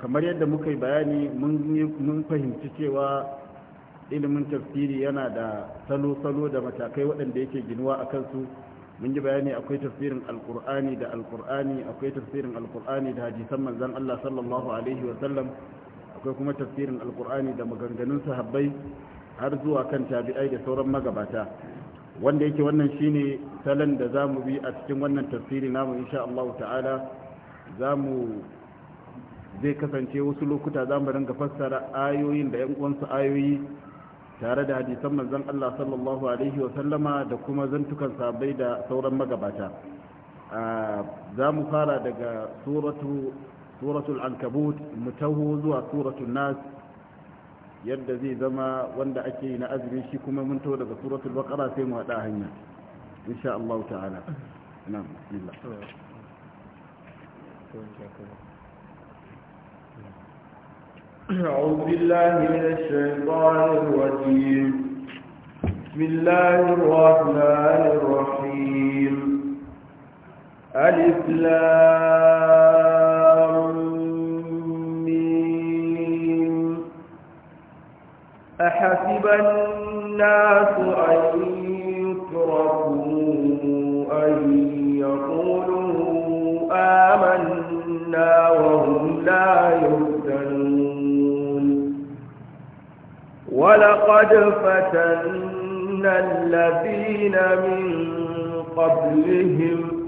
kamar yadda muka yi bayani mun fahimci cewa ilimin tafsiri yana da salo-salo da matakai waɗanda yake ginuwa a kansu mun yi bayani akwai tafsirin alkur'ani da alkur'ani akwai tafsirin alkur'ani da hadisan manzan allah sallallahu alaihi wasallam akwai kuma tafsirin alkur'ani da maganganun sahabbai har zuwa kan tabi'ai da sauran magabata wanda yake wannan shine salon da za mu bi a cikin wannan tafsiri namu insha allahu ta'ala za mu zai kasance wasu lokuta za mu ringa fassara ayoyin da 'yan uwansu ayoyi tare da hadisan manzon Allah sallallahu alaihi wa sallama da kuma zantukan sabai da sauran magabata za mu fara daga suratu suratul ankabut mu taho zuwa suratul nas yadda zai zama wanda ake yi na azumin shi kuma mun taho daga suratul baqara sai mu hada hanya insha Allah ta'ala na'am bismillah أعوذ بالله من الشيطان الرجيم بسم الله الرحمن الرحيم ألف لام أحسب الناس أن ولقد فتنا الذين من قبلهم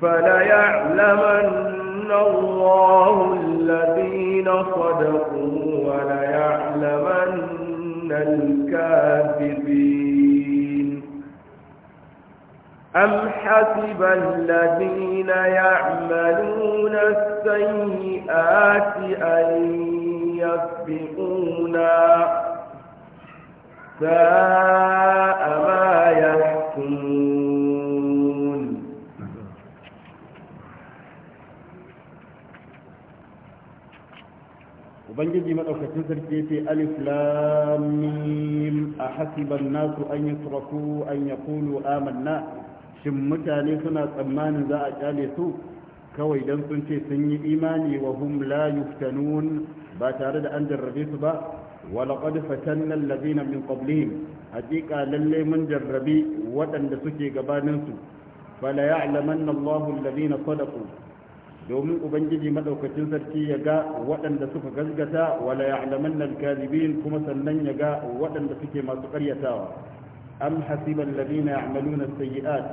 فليعلمن الله الذين صدقوا وليعلمن الكاذبين أم حسب الذين يعملون السيئات أن يسبقونا ساء ما يحكمون وبنجي مدوكتين سركي في ألف لام ميم أحسب الناس أن يتركوا أن يقولوا آمنا shin mutane suna tsammanin za a kyale su kawai don sun ce sun yi imani wa hum la yuftanun ba tare da an jarrabe su ba walaƙad fatanna allazina min qablihim haƙiƙa lalle mun jarrabi waɗanda suke gabanin su fala ya'lamanna Allahu allazina sadaqu domin ubangiji madaukakin sarki ya ga waɗanda suka gazgata wala ya'lamanna al kuma sannan ya ga waɗanda suke masu ƙaryatawa am hasiba allazina ya'maluna as-sayyi'at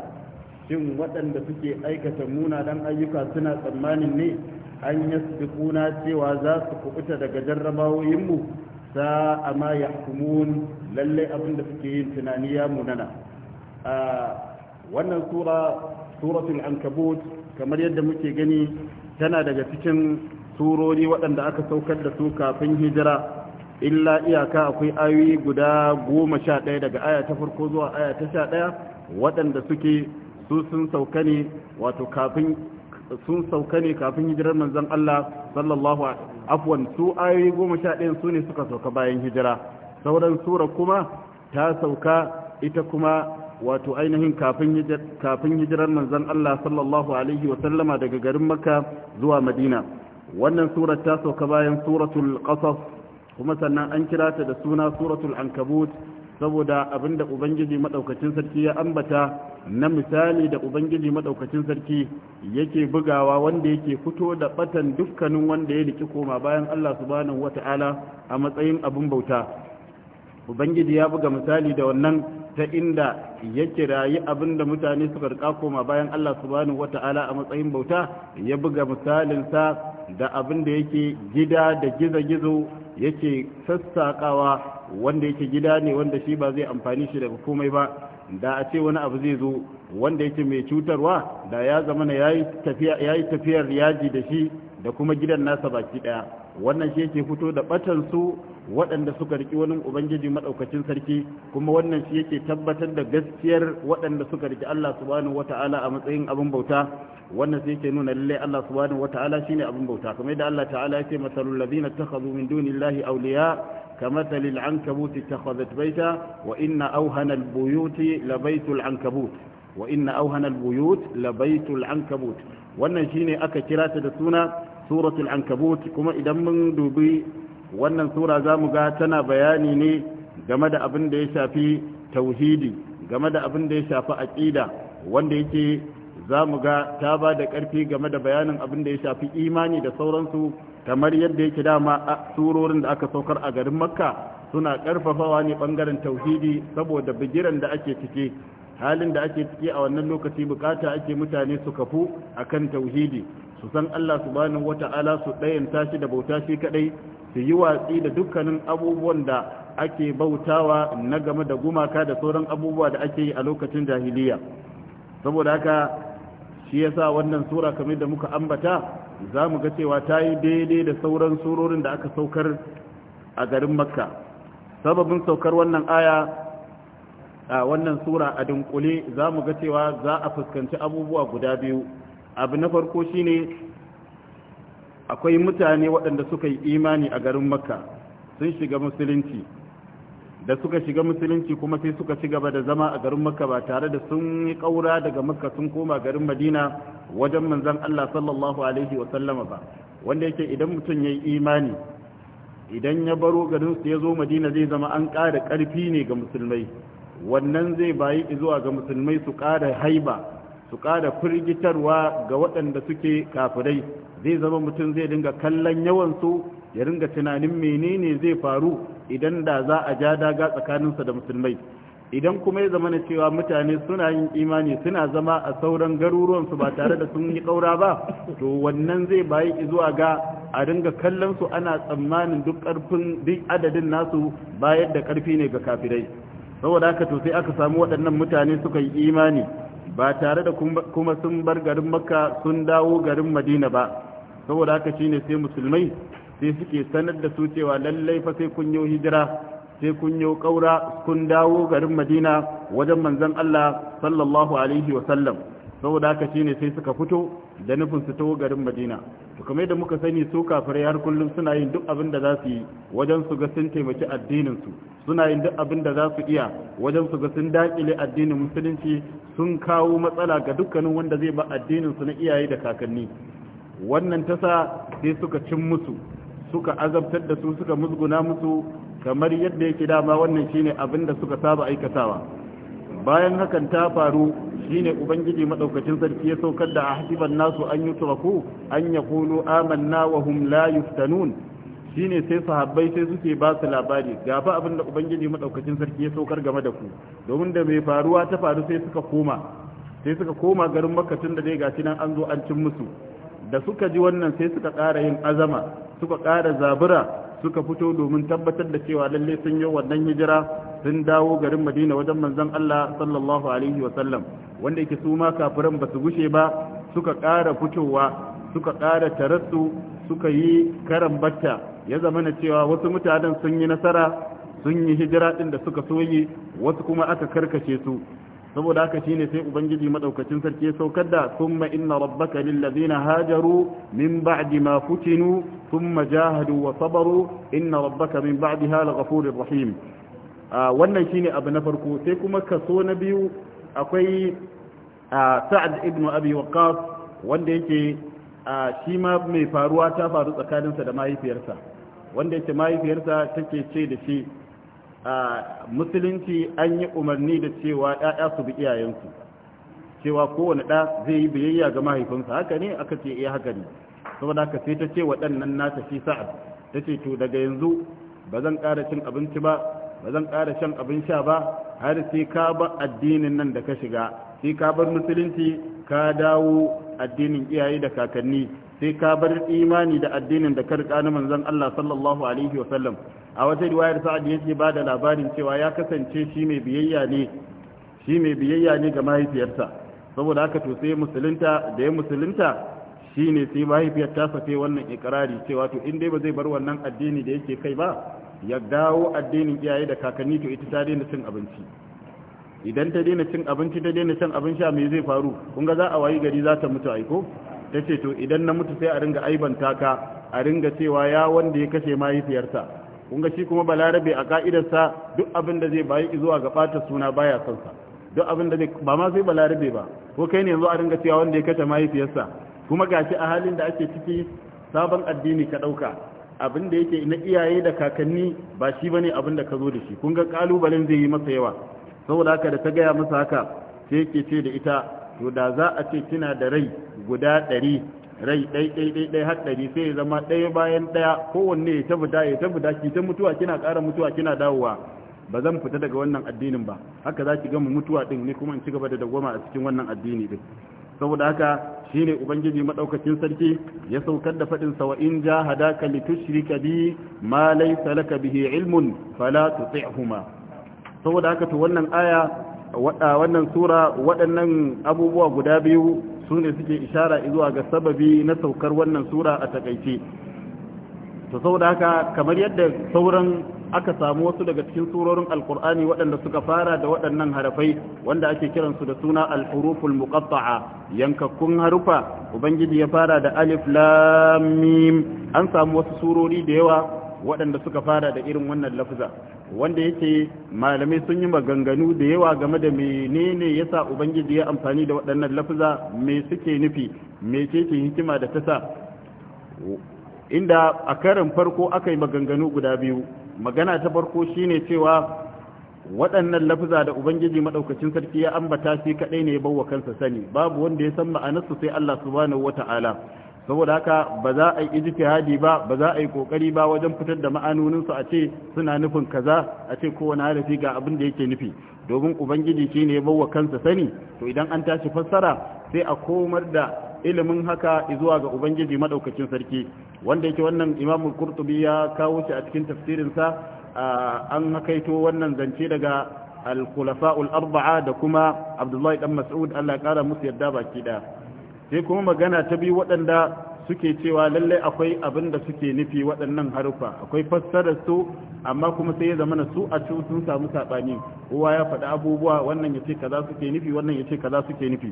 shin waɗanda suke aikata munanan ayyuka suna tsammanin ne an yasbiquna cewa za su kubuta daga jarrabawoyinmu mu sa amma yahkumun lalle abin da suke yin tunani ya munana wannan sura suratul ankabut kamar yadda muke gani tana daga cikin surori waɗanda aka saukar da su kafin hijira illa iyaka akwai ayoyi guda goma sha ɗaya daga aya ta farko zuwa aya ta sha ɗaya waɗanda suke su sun sauka ne wato kafin sun sauka ne kafin hijirar manzan Allah sallallahu afwan su ayoyi goma sha ɗayan su ne suka sauka bayan hijira sauran sura kuma ta sauka ita kuma wato ainihin kafin hijirar manzon Allah sallallahu alaihi wa sallama daga garin Makka zuwa Madina wannan sura ta sauka bayan suratul qasas kuma sannan an kira ta da suna suratul ankabut saboda abinda ubangiji madaukakin sarki ya ambata na misali da ubangiji madaukakin sarki yake bugawa wanda yake fito da batan dukkanin wanda ya riki koma bayan Allah subhanahu wata'ala a matsayin abin bauta ubangiji ya buga misali da wannan ta inda ya kirayi abinda mutane suka rika koma bayan Allah subhanahu wata'ala a matsayin bauta ya buga misalin sa da abinda yake gida da gizo-gizo yake sassaƙawa wanda yake gida ne wanda shi ba zai amfani shi daga komai ba da a ce wani abu zai zo wanda yake mai cutarwa da ya zama na yayi tafiyar yaji da shi da kuma gidan nasa baki ɗaya wannan shi yake fito da ɓatansu waɗanda suka riki wani ubangiji maɗaukacin sarki kuma wannan shi yake tabbatar da gaskiyar waɗanda suka riki Allah subhanahu wata'ala a matsayin abin bauta wannan shi yake nuna lalle Allah subhanahu wata'ala shine abin bauta kamar yadda Allah ta'ala yake masalul ladina takhadhu min dunillahi awliya كمثل العنكبوت اتخذت بيتا وإن أوهن البيوت لبيت العنكبوت وإن أوهن البيوت لبيت العنكبوت wannan shine aka kira ta da suna suratul ankabut kuma idan mun dubi wannan sura za mu ga tana bayani ne game da abin da ya shafi tauhidi game da abin da ya shafi aƙida wanda yake za mu ga ta ba da ƙarfi game da bayanin abin da ya shafi imani da sauransu kamar yadda yake dama a surorin da aka saukar a garin makka suna ƙarfafawa ne ɓangaren tauhidi saboda bigiran da ake ciki halin da ake ciki a wannan lokaci bukata ake mutane su kafu akan tauhidi su san Allah subhanahu wata'ala su ɗayan tashi da bauta shi kadai su yi watsi da dukkanin abubuwan da ake bautawa na game da gumaka da sauran abubuwa da ake yi a lokacin jahiliya saboda haka shi yasa wannan sura kamar da muka ambata za mu ga cewa ta yi daidai da sauran surorin da aka saukar a garin makka sababin saukar wannan aya a wannan sura a dunkule za mu ga cewa za a fuskanci abubuwa guda biyu abu na farko shine akwai mutane waɗanda suka yi imani a garin makka sun shiga musulunci da suka shiga musulunci kuma sai suka ci gaba da zama a garin makka ba tare da sun yi ƙaura daga makka sun koma garin madina wajen manzan allah sallallahu alaihi wasallama ba wanda yake idan mutum ya yi imani idan ya baro garinsu ya zo madina zai zama an ƙara ƙarfi ne ga musulmai wannan zai bayi zuwa ga musulmai su ƙara haiba su ƙara firgitarwa ga waɗanda suke kafirai zai zama mutum zai dinga kallon yawansu ya dinga tunanin menene zai faru idan da za a ja daga tsakaninsa da musulmai idan kuma ya zama na cewa mutane suna yin imani suna zama a sauran garuruwansu ba tare da sun yi ƙaura ba to wannan zai bayi zuwa ga a dinga kallon su ana tsammanin duk ƙarfin duk adadin nasu bayar da ƙarfi ne ga kafirai saboda haka to sai aka samu waɗannan mutane suka yi imani ba tare da kuma sun bar garin makka sun dawo garin madina ba saboda haka shine sai musulmai sai suke sanar da su cewa lallai fa sai kun yi hijira sai kun yi kaura kun dawo garin madina wajen manzon Allah sallallahu alaihi wa sallam saboda haka shine sai suka fito da nufin su tawo garin madina to kamar yadda muka sani su kafirai har kullum suna yin duk abin da za su yi wajen su ga sun taimaki addinin su suna yin duk abin da za su iya wajen su ga sun dakile addinin musulunci sun kawo matsala ga dukkanin wanda zai ba addinin su na iyaye da kakanni wannan ta sa sai suka cin musu suka azabtar da su suka musguna musu kamar yadda yake dama wannan shine abin da suka saba aikatawa bayan hakan ta faru shine ubangiji madaukakin sarki ya saukar da ahdiban nasu an yutraku an yaqulu amanna wa hum la yuftanun shine sai sahabbai sai suke ba su labari ga fa abin da ubangiji madaukakin sarki ya saukar game da ku domin da mai faruwa ta faru sai suka koma sai suka koma garin makka tun da dai gashi nan an zo an cin musu da suka ji wannan sai suka ƙara yin azama suka ƙara zabura suka fito domin tabbatar da cewa lalle sun yi wannan hijira sun dawo garin madina wajen manzon Allah sallallahu alaihi wasallam wanda yake su ma kafiran ba su gushe ba suka ƙara fitowa suka ƙara tarattu suka yi karan batta ya zama na cewa wasu mutanen sun yi nasara sun yi hijira ɗin da suka soye wasu kuma aka karkace su saboda haka shine sai ubangiji madaukakin sarki ya saukar da thumma inna rabbaka lil ladina hajaru min ba'di ma futinu thumma jahadu wa sabaru inna rabbaka min ba'daha laghafurur rahim wannan shine abu na farko sai kuma kaso na biyu akwai sa'ad ibn abi waqqas wanda yake shi ma mai faruwa ta faru tsakaninsa da mahaifiyarsa wanda yake mahaifiyarsa take ce da shi a musulunci an yi umarni da cewa ‘ya'ya su bi iyayensu cewa kowane ɗa zai yi biyayya ga mahaifinsa haka ne aka ce iya eh, haka ne saboda haka sai ta ce waɗannan nata shi sa'ad ta ce to daga yanzu ba zan ƙara cin abinci ba ba zan ƙara shan abin sha ba har sai ka ba addinin nan da ka shiga sai ka bar musulunci ka dawo addinin iyaye da kakanni sai ka bar imani da addinin da ka riƙa na manzon Allah sallallahu alaihi wa sallam a wata riwayar sa'ad yake ba da labarin cewa ya kasance shi mai biyayya ne shi mai biyayya ne ga mahaifiyarsa saboda haka to sai musulunta da ya musulunta shi ne sai mahaifiyar ta safe wannan ikirari cewa to in dai ba zai bar wannan addini da yake kai ba ya dawo addinin iyaye da kakanni to ita ta daina cin abinci idan ta daina cin abinci ta daina cin abin sha me zai faru kun ga za a wayi gari za ta mutu aiko ta ce to idan na mutu sai a ringa aibanta ka a ringa cewa ya wanda ya kashe mahaifiyarsa kun ga shi kuma balarabe a ka'idarsa duk abin da zai bayi zuwa ga ɓata suna baya son sa duk abin da zai ba ma sai balarabe ba ko kai ne yanzu a ringa cewa wanda ya kace mahaifiyarsa kuma gashi a halin da ake ciki sabon addini ka ɗauka abin da yake na iyaye da kakanni ba shi ne abin da ka zo da shi kun ga kalubalen zai yi masa yawa saboda haka da ta gaya masa haka sai yake ce da ita to da za a ce kina da rai guda ɗari rai ɗai ɗai ɗai ɗai har ɗari sai ya zama ɗaya bayan ɗaya kowanne ya tabbata ya tabbata ki ta mutuwa kina ƙara mutuwa kina dawowa ba zan fita daga wannan addinin ba haka za ki gama mutuwa ɗin ne kuma in ci gaba da dagwama a cikin wannan addini ɗin saboda haka shine ubangiji madaukakin sarki ya saukar da faɗin sa wa in jahadaka tushrika bi ma laysa laka bihi ilmun fala tuti'huma saboda haka to wannan aya wannan sura waɗannan abubuwa guda biyu su ne suke ishara zuwa ga sababi na saukar wannan sura a takaice to saboda haka kamar yadda sauran aka samu wasu daga cikin surorin alkur'ani waɗanda suka fara da waɗannan harafai wanda ake kiransu da suna alhuruful muqatta'a yankakkun harufa ubangiji ya fara da alif lam mim an samu wasu surori da yawa waɗanda suka fara da irin wannan lafza wanda yake malamai sun yi maganganu da yawa game da menene yasa ubangiji ya amfani da waɗannan lafuza me suke nufi me ce hikima da tasa inda a karin farko aka yi maganganu guda biyu magana ta farko shine cewa waɗannan lafuza da ubangiji maɗaukacin sarki ya ambata shi kaɗai ne ya bawa kansa sani babu wanda ya san ma'anarsu sai Allah subhanahu wata'ala saboda haka ba za a yi ijtihadi ba ba za a yi kokari ba wajen fitar da ma'anonin su a ce suna nufin kaza a ce kowane harafi ga abin da yake nufi domin ubangiji shine ya bawa kansa sani to idan an tashi fassara sai a komar da ilimin haka zuwa ga ubangiji madaukakin sarki wanda yake wannan imamu qurtubi ya kawo shi a cikin tafsirin sa an hakaito wannan zance daga al arba'a da kuma abdullahi dan mas'ud Allah ya kara musu yarda baki da sai kuma magana ta biyu waɗanda suke cewa lallai akwai abin da suke nufi waɗannan harufa akwai fassarar su amma kuma sai ya zama na su a cikin sun samu saɓani kowa ya faɗi abubuwa wannan ya ce kaza suke nufi wannan ya ce kaza suke nufi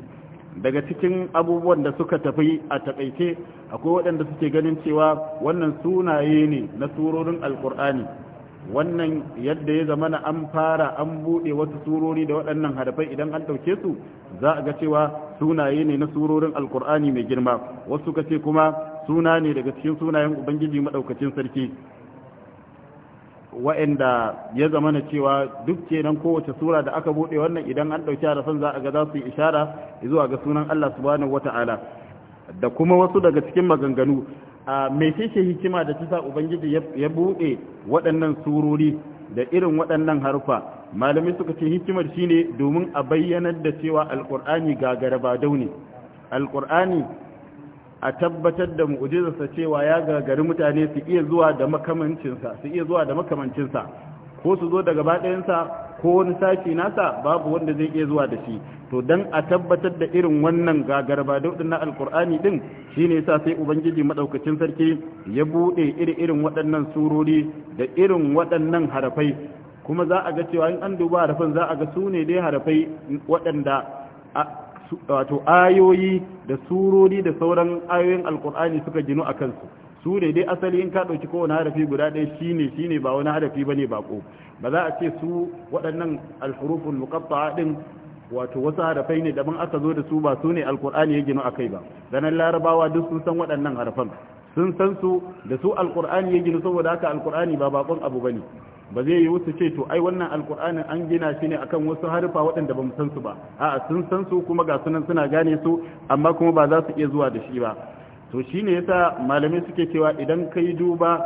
daga cikin abubuwan da suka tafi a taƙaice akwai waɗanda suke ganin cewa wannan sunaye ne na surorin alƙur'ani wannan yadda ya zama na an fara an buɗe wasu surori da waɗannan harafai idan an ɗauke su za a ga cewa sunaye ne na surorin alkur'ani mai girma wasu kace kuma suna ne daga cikin sunayen ubangiji madaukakin sarki wa'anda ya zama na cewa duk kenan kowace sura da aka bude wannan idan an dauki harafan za a ga za yi ishara zuwa ga sunan Allah subhanahu wata'ala da kuma wasu daga cikin maganganu a mecece hikima da ta ubangiji ya bude waɗannan surori da irin waɗannan harfa malamai suka ce hikimar shi ne domin a bayyanar da cewa Alƙur'ani gagara ba daune alkur'ani a tabbatar da mu'ujizarsa cewa ya gagari mutane su iya zuwa da makamancinsa ko su zo da gabaɗayansa. ko wani sashi nasa babu wanda zai iya zuwa da shi to dan a tabbatar da irin wannan gagarba daudin na alkur'ani din shine yasa sai ubangiji madaukakin sarki ya bude iri irin waɗannan surori da irin waɗannan harafai kuma za a ga cewa in an duba harafin za a ga sune dai harafai waɗanda wato ayoyi da surori da sauran ayoyin alkur'ani suka ginu a kansu su ne dai asali in ka ɗauki kowane harafi guda ɗaya shine shine ba wani harafi ne baƙo ba za a ce su waɗannan alhurufin mukabba din wato wasu harafai ne daban aka zo da su ba su ne alkur'ani ya gina akai ba ganin larabawa duk sun san waɗannan harafan sun san su da su alkur'ani ya gino saboda haka alkur'ani ba bakon abu ba ne ba zai yi wasu ce to ai wannan alkur'anin an gina shi ne akan wasu harufa waɗanda ba mu san su ba a'a sun san su kuma ga sunan suna gane su amma kuma ba za su iya zuwa da shi ba to shine yasa malamai suke cewa idan kayi duba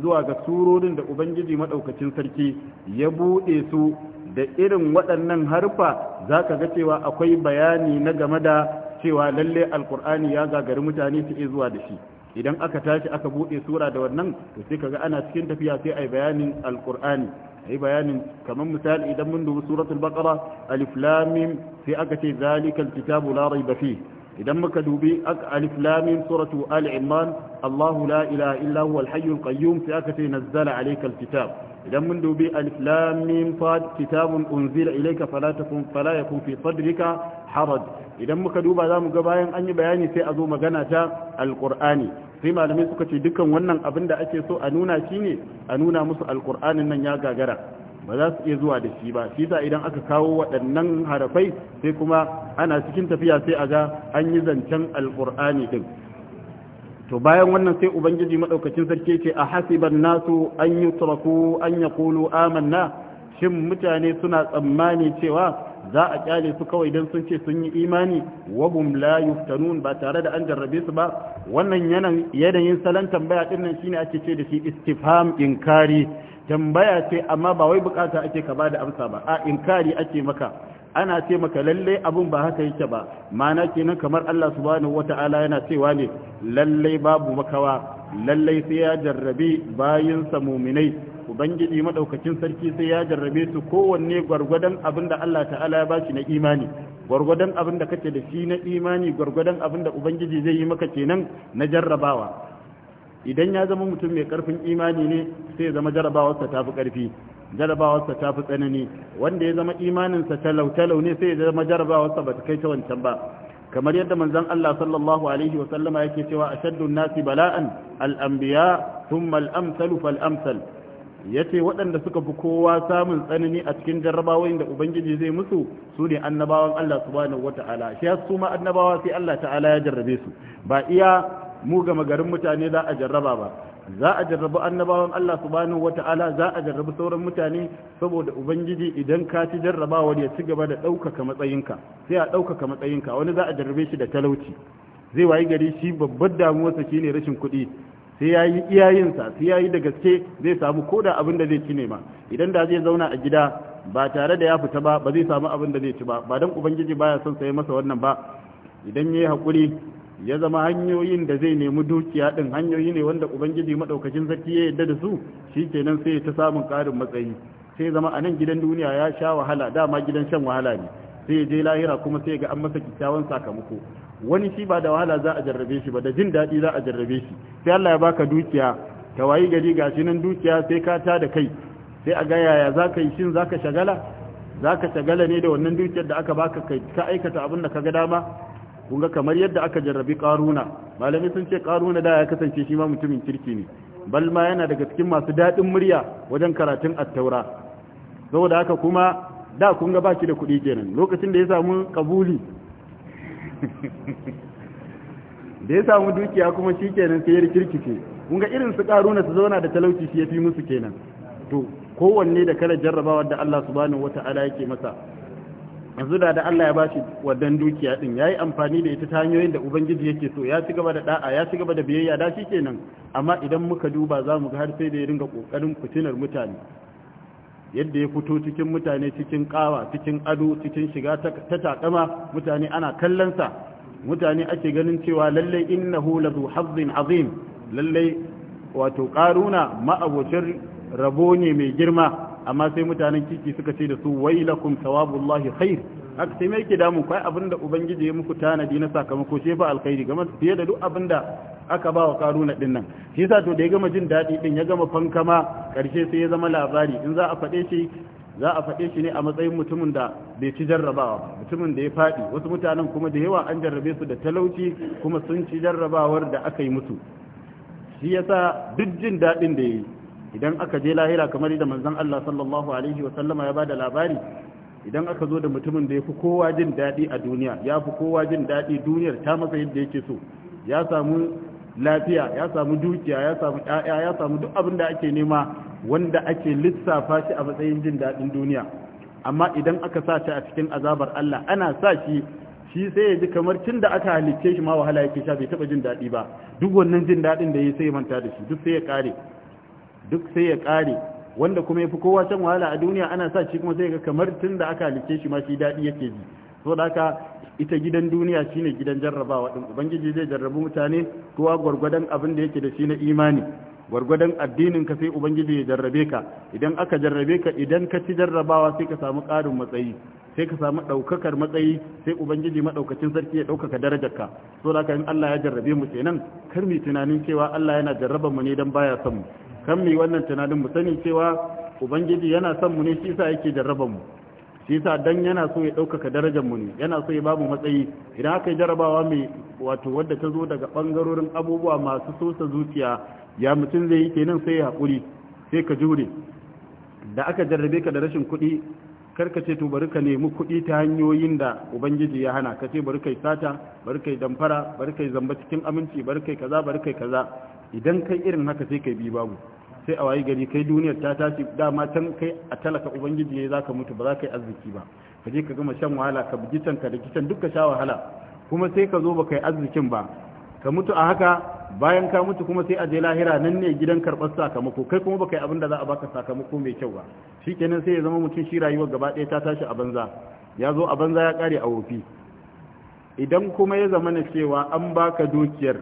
zuwa ga surorin da ubangiji maɗaukacin sarki ya bude su da irin waɗannan harfa zaka ga cewa akwai bayani na game da cewa lalle alkur'ani ya gagari mutane su zuwa da shi idan aka tashi aka bude sura da wannan to sai kaga ana cikin tafiya sai ai bayanin alkur'ani ai bayanin kamar misali idan mun dubi suratul baqara alif lam mim sai aka ce zalikal kitabu la rayba fihi idan muka dubi aliflamin alif lamin suratu al imran Allahu la ilaha illa huwa al-hayyul qayyum sai aka ce alayka al-kitab idan mun dubi alif lam fad kitabun unzila ilayka fala takun fala yakun fi sadrika haraj idan muka duba zamu ga bayan an yi bayani sai a zo magana ta alqur'ani sai malamai suka ce dukan wannan abin da ake so a nuna shine a nuna musu alqur'anin nan ya gagara ba za su iya zuwa da shi ba shi sa idan aka kawo waɗannan harafai sai kuma ana cikin tafiya sai a ga an yi zancen alƙur'ani din to bayan wannan sai ubangiji maɗaukacin sarki ce a hasiban nasu an yi turaku an ya kulu amanna shin mutane suna tsammani cewa za a kyale su kawai don sun ce sun yi imani wahum la yuftanun ba tare da an jarrabe su ba wannan yanayin salon tambaya ɗin nan shine ake ce da shi istifham inkari tambaya ce amma ba wai bukata ake ka bada amsa ba a inkari ake maka ana ce maka lalle abun ba haka yake ba mana kenan kamar Allah subhanahu wata'ala yana cewa ne lalle babu makawa lalle sai ya jarrabe bayin sa mu'minai ubangiji madaukakin sarki sai ya jarrabe su kowanne gwargwadon abin da Allah ta'ala ya bashi na imani gwargwadon abin da kake da shi na imani gwargwadon abin da ubangiji zai yi maka kenan na jarrabawa idan ya zama mutum mai karfin imani ne sai ya zama jarabawarsa ta fi karfi jarabawarsa ta fi tsanani wanda ya zama imaninsa talau-talau ne sai ya zama jarabawarsa ba ta kai ta wancan ba kamar yadda manzon Allah sallallahu alaihi wa sallama yake cewa ashaddun nasi bala'an al-anbiya thumma al-amsalu fal-amsal yace waɗanda suka fi kowa samun tsanani a cikin jarrabawoyin da ubangiji zai musu su ne annabawan Allah subhanahu wata'ala shi su ma annabawa sai Allah ta'ala ya jarrabe su ba iya mu gama garin mutane za a jarraba ba za a jarrabu annabawan Allah subhanahu wata'ala za a jarrabu sauran mutane saboda ubangiji idan ka ci jarrabawa ya ci gaba da ɗaukaka matsayinka sai a ɗaukaka matsayinka wani za a jarrabe shi da talauci zai wayi gari shi babbar damuwarsa shine rashin kuɗi sai ya yi iyayensa sai ya yi da gaske zai samu ko da abin da zai ci ne ma idan da zai zauna a gida ba tare da ya fita ba ba zai samu abin da zai ci ba ba dan ubangiji baya son sai masa wannan ba idan ya yi haƙuri ya zama hanyoyin da zai nemi dukiya din hanyoyi ne wanda ubangiji madaukakin sarki ya yadda da su shi nan sai ya ta samun karin matsayi sai zama a nan gidan duniya ya sha wahala dama gidan shan wahala ne sai ya je lahira kuma sai ga an masa kyakkyawan sakamako wani shi ba da wahala za a jarrabe shi ba da jin daɗi za a jarrabe shi sai Allah ya baka dukiya ta wayi gari ga shi nan dukiya sai ka ta da kai sai a ga yaya za ka yi shin za ka shagala za ka shagala ne da wannan dukiyar da aka baka ka aikata abin da ka ga dama kun kamar yadda aka jarrabi karuna malami sun ce karuna da ya kasance shi ma mutumin kirki ne bal ma yana daga cikin masu daɗin murya wajen karatun attaura saboda haka kuma da kun ga baki da kuɗi kenan lokacin da ya samu kabuli da ya samu dukiya kuma shi kenan sai ya kirki kun ga irin su karuna su zauna da talauci shi ya fi musu kenan to kowanne da kala jarrabawa da Allah subhanahu wata'ala yake masa yanzu da da Allah ya ba bashi wadan dukiya din yayi amfani da ita ta hanyoyin da ubangiji yake so ya ci gaba da da'a ya ci gaba da biyayya da shi kenan amma idan muka duba za mu ga har sai da ya ringa kokarin fitinar mutane yadda ya fito cikin mutane cikin kawa cikin ado cikin shiga ta takama mutane ana kallon sa mutane ake ganin cewa lalle innahu lazu hazzin azim lalle wato karuna ma'abocin rabo ne mai girma amma sai mutanen kiki suka ce da su wailakum thawabullahi khair haka sai mai ke damu kai abinda ubangiji ya muku tanadi na sakamako shi ba alkhairi gama fiye da duk abinda aka ba wa karuna din nan shi yasa to da ya gama jin daɗi din ya gama fankama karshe sai ya zama labari in za a faɗe shi za a faɗe shi ne a matsayin mutumin da bai ci jarrabawa mutumin da ya faɗi wasu mutanen kuma da yawa an jarrabe su da talauci kuma sun ci jarrabawar da aka yi musu shi yasa duk jin daɗin da ya yi idan aka je lahira kamar da manzon Allah sallallahu alaihi wa sallama ya bada labari idan aka zo da mutumin da ya fi kowa jin daɗi a duniya ya kowa jin daɗi duniyar ta masa yadda yake so ya samu lafiya ya samu dukiya ya samu ɗaya ya samu duk abin da ake nema wanda ake lissafa shi a matsayin jin daɗin duniya amma idan aka sa shi a cikin azabar Allah ana sa shi shi sai ya ji kamar tun da aka halicce shi ma wahala yake sha bai taɓa jin daɗi ba duk wannan jin daɗin da ya sai manta da shi duk sai ya kare. duk sai ya kare wanda kuma ya fi kowa can wahala a duniya ana sa shi kuma sai ga kamar tun da aka halice shi ma shi dadi yake ji so da haka ita gidan duniya shine gidan jarrabawa din ubangiji zai jarrabu mutane kowa gwargwadon abin da yake da shi na imani gwargwadon addinin ka sai ubangiji ya jarrabe ka idan aka jarrabe ka idan ka ci jarrabawa sai ka samu ƙarin matsayi sai ka samu ɗaukakar matsayi sai ubangiji maɗaukacin sarki ya ɗaukaka darajarka so da in Allah ya jarrabe mu kenan kar mu tunanin cewa Allah yana jarraba mu ne don baya son mu kan mai wannan tunanin mu sani cewa ubangiji yana son mu ne shi yasa yake jarraba mu shi yasa dan yana so ya ɗaukaka darajar mu ne yana so ya babu matsayi idan aka yi jarabawa mai wato wadda ta zo daga bangarorin abubuwa masu sosa zuciya ya mutum zai yi kenan sai ya haƙuri sai ka jure da aka jarrabe ka da rashin kuɗi karka ce to bari ka nemi kuɗi ta hanyoyin da ubangiji ya hana ka ce bari kai sata bari kai damfara bari kai zamba cikin aminci bari kai kaza bari kai kaza idan kai irin haka sai kai bi babu sai a wayi gari kai duniyar ta tashi dama can kai a talaka ubangiji ne ka mutu ba za ka yi arziki ba ka je ka gama shan wahala ka bigitan ka da duk ka sha wahala kuma sai ka zo ba ka yi arzikin ba ka mutu a haka bayan ka mutu kuma sai a je lahira nan ne gidan karɓar sakamako kai kuma ka yi abin da za a baka sakamako mai kyau ba shi kenan sai ya zama mutum shi rayuwa gaba ɗaya ta tashi a banza ya zo a banza ya ƙare a wofi idan kuma ya zama na cewa an baka dukiyar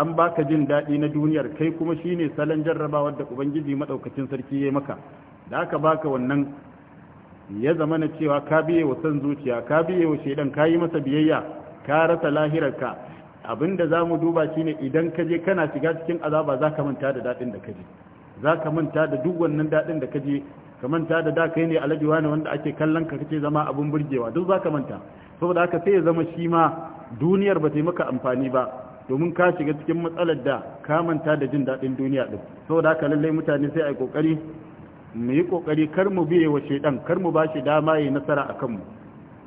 an baka jin daɗi na duniyar kai kuma shine salon jarrabawar da ubangiji maɗaukacin sarki ya maka da aka baka wannan ya zama na cewa ka biye wa san zuciya ka biye wa shaidan ka yi masa biyayya ka rasa lahirarka abinda za mu duba shine idan ka je kana shiga cikin azaba za ka manta da daɗin da ka je za ka manta da duk wannan daɗin da ka je ka manta da da kai ne lajewa ne wanda ake kallon ka kace zama abin burgewa duk za ka manta saboda haka sai ya zama shi ma duniyar ba ta yi maka amfani ba domin ka shiga cikin matsalar da ka manta da jin daɗin duniya ɗin saboda haka lallai mutane sai a yi ƙoƙari mu yi ƙoƙari kar mu biye wa shaidan kar mu ba shi dama ya nasara a kanmu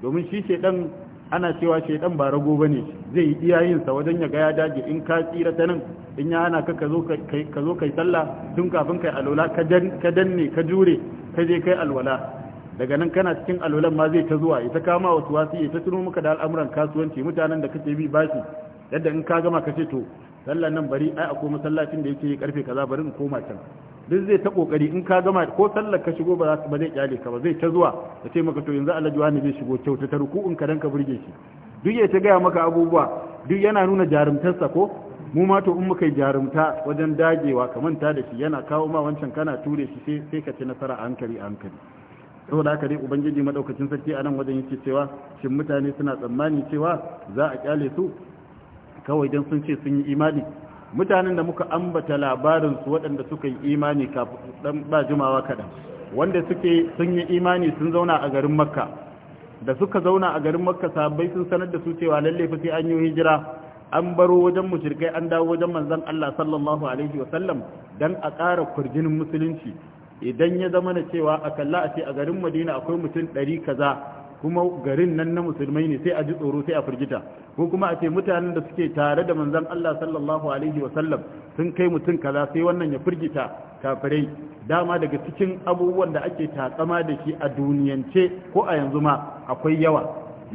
domin shi shaidan ana cewa shaidan ba rago ne zai yi iyayensa wajen ya ga ya dage in ka tsira ta nan in ya hana ka ka zo kai sallah tun kafin kai alwala ka danne ka jure ka je kai alwala daga nan kana cikin alwalan ma zai ta zuwa ita kama wasu wasu ta tuno maka da al'amuran kasuwanci mutanen da kake bi bashi yadda in ka gama ka ce to sallan nan bari ai akwai masallacin da yake karfe kaza bari in koma can duk zai ta kokari in ka gama ko sallar ka shigo ba za ba zai kyale ka ba zai ta zuwa ka ce maka to yanzu Allah juwani zai shigo kyauta ta ruku in ka danka burge shi duk ya ta gaya maka abubuwa duk yana nuna jarumtarsa ko mu ma to in muka yi jarumta wajen dagewa ka manta da shi yana kawo ma wancan kana ture shi sai sai ka ci nasara a hankali a hankali saboda haka dai ubangiji madaukakin sarki a nan wajen yake cewa shin mutane suna tsammani cewa za a kyale su kawai don sun ce sun yi imani mutanen da muka ambata labarinsu waɗanda suka yi imani kafin ba jimawa kaɗan wanda suke sun yi imani sun zauna a garin makka da suka zauna a garin makka sabai sun sanar da su cewa lalle fa sai an yi hijira an baro wajen mushrikai an dawo wajen manzon Allah sallallahu alaihi wa sallam dan a ƙara kurjinin musulunci idan ya zama na cewa a kalla a ce a garin Madina akwai mutum ɗari kaza kuma garin nan na musulmai ne sai a ji tsoro sai a firgita ko kuma a ce mutanen da suke tare da manzon Allah sallallahu alaihi wasallam sun kai mutum kaza sai wannan ya firgita kafirai dama daga cikin abubuwan da ake tatsama da shi a duniyance ko a yanzu ma akwai yawa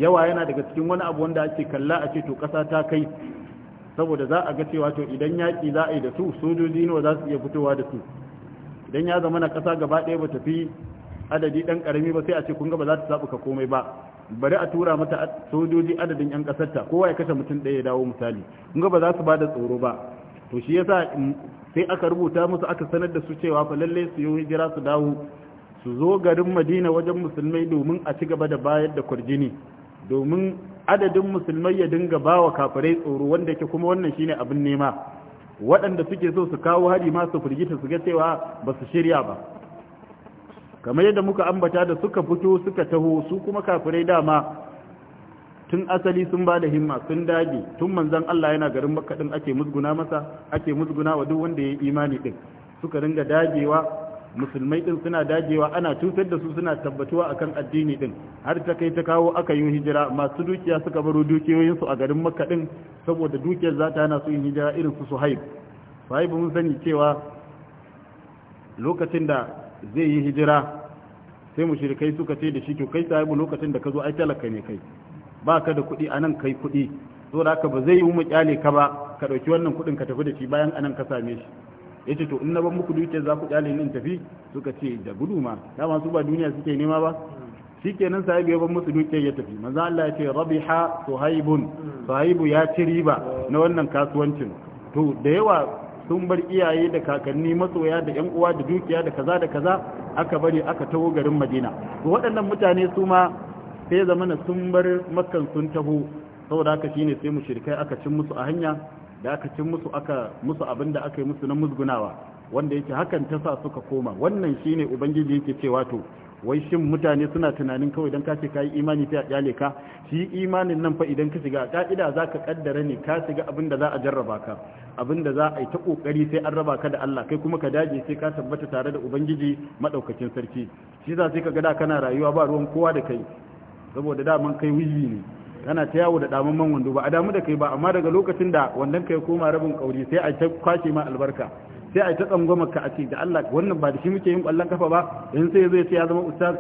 yawa yana daga cikin wani abu wanda ake kalla a ce to kasa ta kai saboda za a ga cewa to idan yaki za a yi da su sojoji nawa za su iya fitowa da su idan ya zama na ƙasa gaba ɗaya ba fi. adadi ɗan ƙarami ba sai a ce kun ga ba za ta sabuka komai ba bari a tura mata sojoji adadin yan kasarta kowa ya kashe mutum ɗaya ya dawo misali kun ga ba za su ba da tsoro ba to shi yasa mm, sai aka rubuta musu aka sanar da su cewa fa lalle su yi hijira su dawo su zo garin Madina wajen musulmai domin a ci gaba da bayar da kwarjini domin adadin musulmai ya dinga bawa kafirai tsoro wanda yake kuma wannan shine abin nema waɗanda suke so su kawo hari ma su firgita su ga cewa ba su shirya ba kamar yadda muka ambata da suka fito suka taho su kuma kafirai dama tun asali sun ba da himma sun dage tun manzan Allah yana garin makaɗin ake musguna masa ake musguna wa duk wanda ya yi imani din suka ringa dagewa musulmai din suna dagewa ana cutar da su suna tabbatuwa akan addini din har ta kai ta kawo aka yi hijira masu dukiya suka baro dukiyoyinsu a garin makka din saboda dukiyar za ta hana su yin hijira irin su suhaib suhaib mun sani cewa lokacin da zai yi hijira sai mushirikai suka ce da shi to kai sahibu lokacin da ka zo ai talaka ne kai ba ka da kuɗi anan kai kuɗi so da haka ba zai yi mu kyale ka ba ka ɗauki wannan kuɗin ka tafi da shi bayan anan ka same shi yace to in na ban muku dukiya za ku kyale ni tafi suka ce da gudu ma dama su ba duniya suke nema ba shi kenan sahibi ya ban musu dukiyar ya tafi manzo Allah ya ce rabiha suhaibun sahibu ya ci riba na wannan kasuwancin to da yawa sun bar iyaye da kakanni masoya da yan uwa da dukiya da kaza da kaza aka bari aka taho garin madina to waɗannan mutane su ma sai zamana sun bar makkan sun taho saboda haka shine sai mu mushrikai aka cin musu a hanya da aka cin musu aka musu abin aka yi musu na musgunawa wanda yake hakan ta sa suka koma wannan shine ubangiji yake cewa to wai shin mutane suna tunanin kawai don ka ce ka yi imani ta kyale ka shi imanin nan fa idan ka shiga ka'ida za ka kaddara ne ka shiga abin da za a jarraba ka abin da za a yi ta kokari sai an raba ka da Allah kai kuma ka dage sai ka tabbata tare da ubangiji madaukakin sarki shi za sai ka ga da kana rayuwa ba ruwan kowa da kai saboda da man kai wiji ne kana ta yawo da damamman wando ba a damu da kai ba amma daga lokacin da wandan kai koma rabin kauri sai a ta kwashe ma albarka sai a yi ta tsangoma ka a ce da Allah wannan ba da shi muke yin ƙwallon kafa ba in sai zai sa ya zama ustaz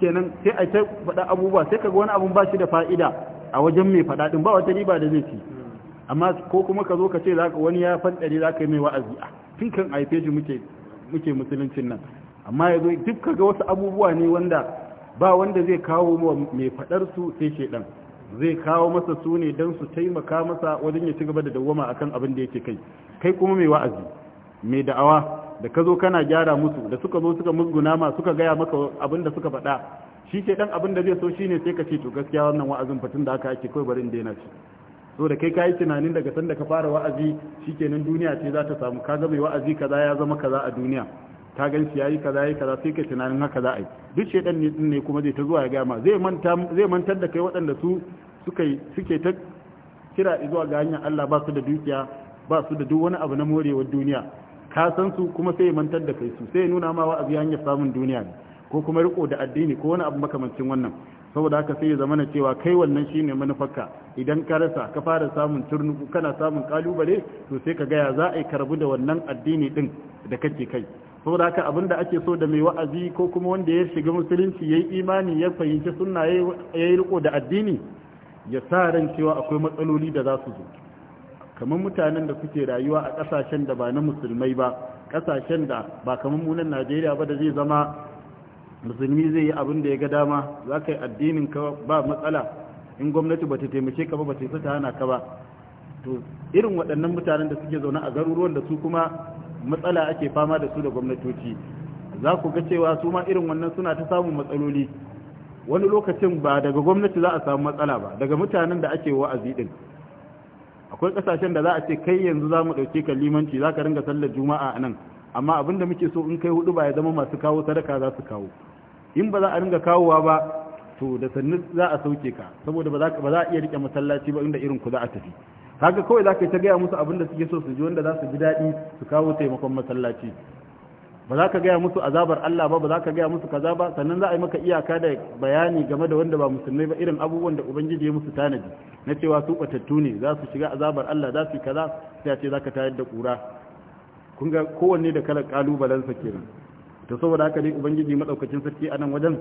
kenan sai a yi ta faɗa abubuwa sai kaga wani abun ba shi da fa'ida a wajen mai faɗa ɗin ba wata riba da zai ci amma ko kuma ka zo ka ce zaka wani ya za zaka yi mai wa'azi a ah, tun kan a shi muke muke musuluncin nan amma ya zo duk kaga wasu abubuwa ne wanda ba wanda zai kawo mai faɗar su sai ɗan zai kawo masa su ne don su taimaka masa wajen ya ci gaba da dawwama akan abin da yake kai kai kuma mai wa'azi mai da'awa da ka zo kana gyara musu da suka zo suka musguna ma suka gaya maka abin da suka faɗa shi ke ɗan abin da zai so shi ne sai ka ce to gaskiya wannan wa'azin fatin da aka ake kawai barin daina shi so da kai kayi tunanin daga sanda ka fara wa'azi shi kenan duniya ce za ta samu ka ga mai wa'azi kaza ya zama kaza a duniya ka gan shi yayi kaza yayi kaza sai ka tunanin haka za a yi duk shedan ne ne kuma zai ta zuwa ya ga ma zai manta zai mantar da kai waɗanda su suka suke ta kira zuwa ga hanyar Allah ba su da dukiya ba su da duk wani abu na morewar duniya ka san su kuma sai ya mantar da kai su sai ya nuna ma wa'azi hanyar samun duniya ne ko kuma riko da addini ko wani abu makamancin wannan saboda haka sai ya zama na cewa kai wannan shine manufarka idan ka rasa ka fara samun turnuku kana samun kalubale to sai ka gaya za a yi karbu da wannan addini din da kake kai saboda haka abin da ake so da mai wa'azi ko kuma wanda ya shiga musulunci ya yi imani ya fahimci sunna ya yi riko da addini ya sa ran cewa akwai matsaloli da za su zo kamar mutanen da kuke rayuwa a kasashen da ba na musulmai ba kasashen da ba kamar munan najeriya ba da zai zama musulmi zai yi abin da ya ga dama za ka yi addinin ka ba matsala in gwamnati ba ta taimake ka ba ba ta yi ta hana ka ba to irin waɗannan mutanen da suke zaune a garuruwan da su kuma matsala ake fama da su da gwamnatoci za ku ga cewa su ma irin wannan suna ta samun matsaloli wani lokacin ba daga gwamnati za a samu matsala ba daga mutanen da ake wa'azi din akwai kasashen da za a ce kai yanzu za mu ɗauke ka limanci za ka ringa sallar juma'a a nan amma abin da muke so in kai hudu ba ya zama masu kawo sadaka za su kawo in ba za a ringa kawowa ba to da sannu za a sauke ka saboda ba za a iya rike masallaci ba inda irin ku za a tafi haka kawai za ka ta gaya musu abin da suke so su ji wanda za su ji daɗi su kawo taimakon masallaci ba za ka gaya musu azabar Allah ba ba za ka gaya musu kaza ba sannan za a yi maka iyaka da bayani game da wanda ba musulmai ba irin abubuwan da ubangiji ya musu tanadi na cewa su batattu ne za su shiga azabar Allah za su yi kaza sai a ce za ka tayar da kura kun ga kowanne da kalar sa kenan to saboda haka dai ubangiji madaukakin sarki a nan wajen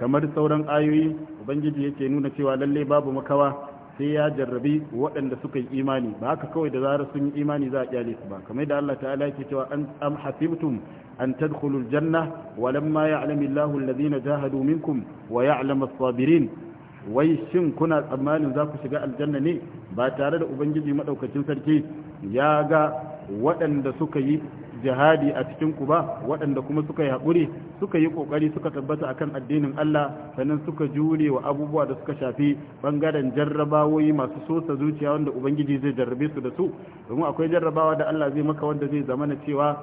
kamar sauran ayoyi ubangiji yake nuna cewa lalle babu makawa sai ya jarrabi waɗanda suka yi imani ba haka kawai da zarar sun yi imani za a kyale su ba kamar da Allah ta'ala yake cewa an am hasibtum an tadkhulul janna wa lamma ya'lamu Allahu alladhina jahadu minkum wa ya'lamu as-sabirin wai shin kuna tsammanin za ku shiga aljanna ne ba tare da ubangiji madaukakin sarki ya ga waɗanda suka yi jihadi a cikin ku ba waɗanda kuma suka yi haƙuri suka yi ƙoƙari suka tabbata akan addinin Allah sannan suka jure wa abubuwa da suka shafi ɓangaren jarrabawoyi masu sosa zuciya wanda ubangiji zai jarrabe su da su domin akwai jarrabawa da Allah zai maka wanda zai zamana cewa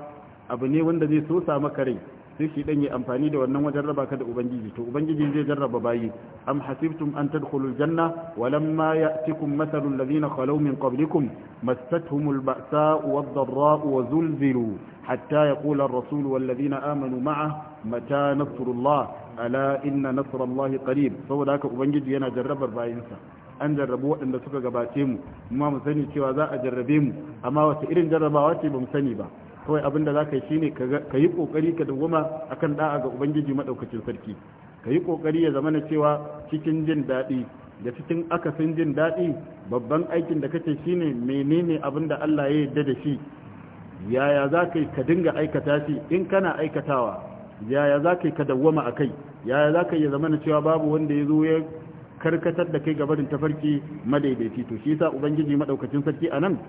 abu ne wanda zai sosa maka rai sai dan yi amfani da wannan wajen raba ka da ubangiji to ubangiji zai jarraba bayi am hasibtum an tadkhulul janna walamma ya'tikum mathalul ladina khalaw min qablikum massatuhumul ba'sa'u wadh-dharra'u wa zulzilu hatta yaqula ar-rasul wal ladina amanu ma'a mata nasrullah ala inna nasrallahi qarib saboda haka ubangiji yana jarrabar bayinsa an jarrabu waɗanda suka gabace mu amma mu sani cewa za a jarrabe mu amma wata irin jarrabawa ce ba mu sani ba kawai abin da za ka yi ne, ka yi kokari ka a akan da'a ga ubangiji maɗaukacin sarki ka yi kokari ya zama na cewa cikin jin daɗi da cikin akasin jin daɗi babban aikin da kake shine menene abin da Allah ya yadda da shi yaya za ka yi ka dinga aikata shi in kana aikatawa yaya za ka yi ka dawoma a kai yaya za ka yi zama na cewa babu wanda ya zo ya karkatar da kai gabarin tafarki madaidaici to shi yasa ubangiji maɗaukacin sarki a nan?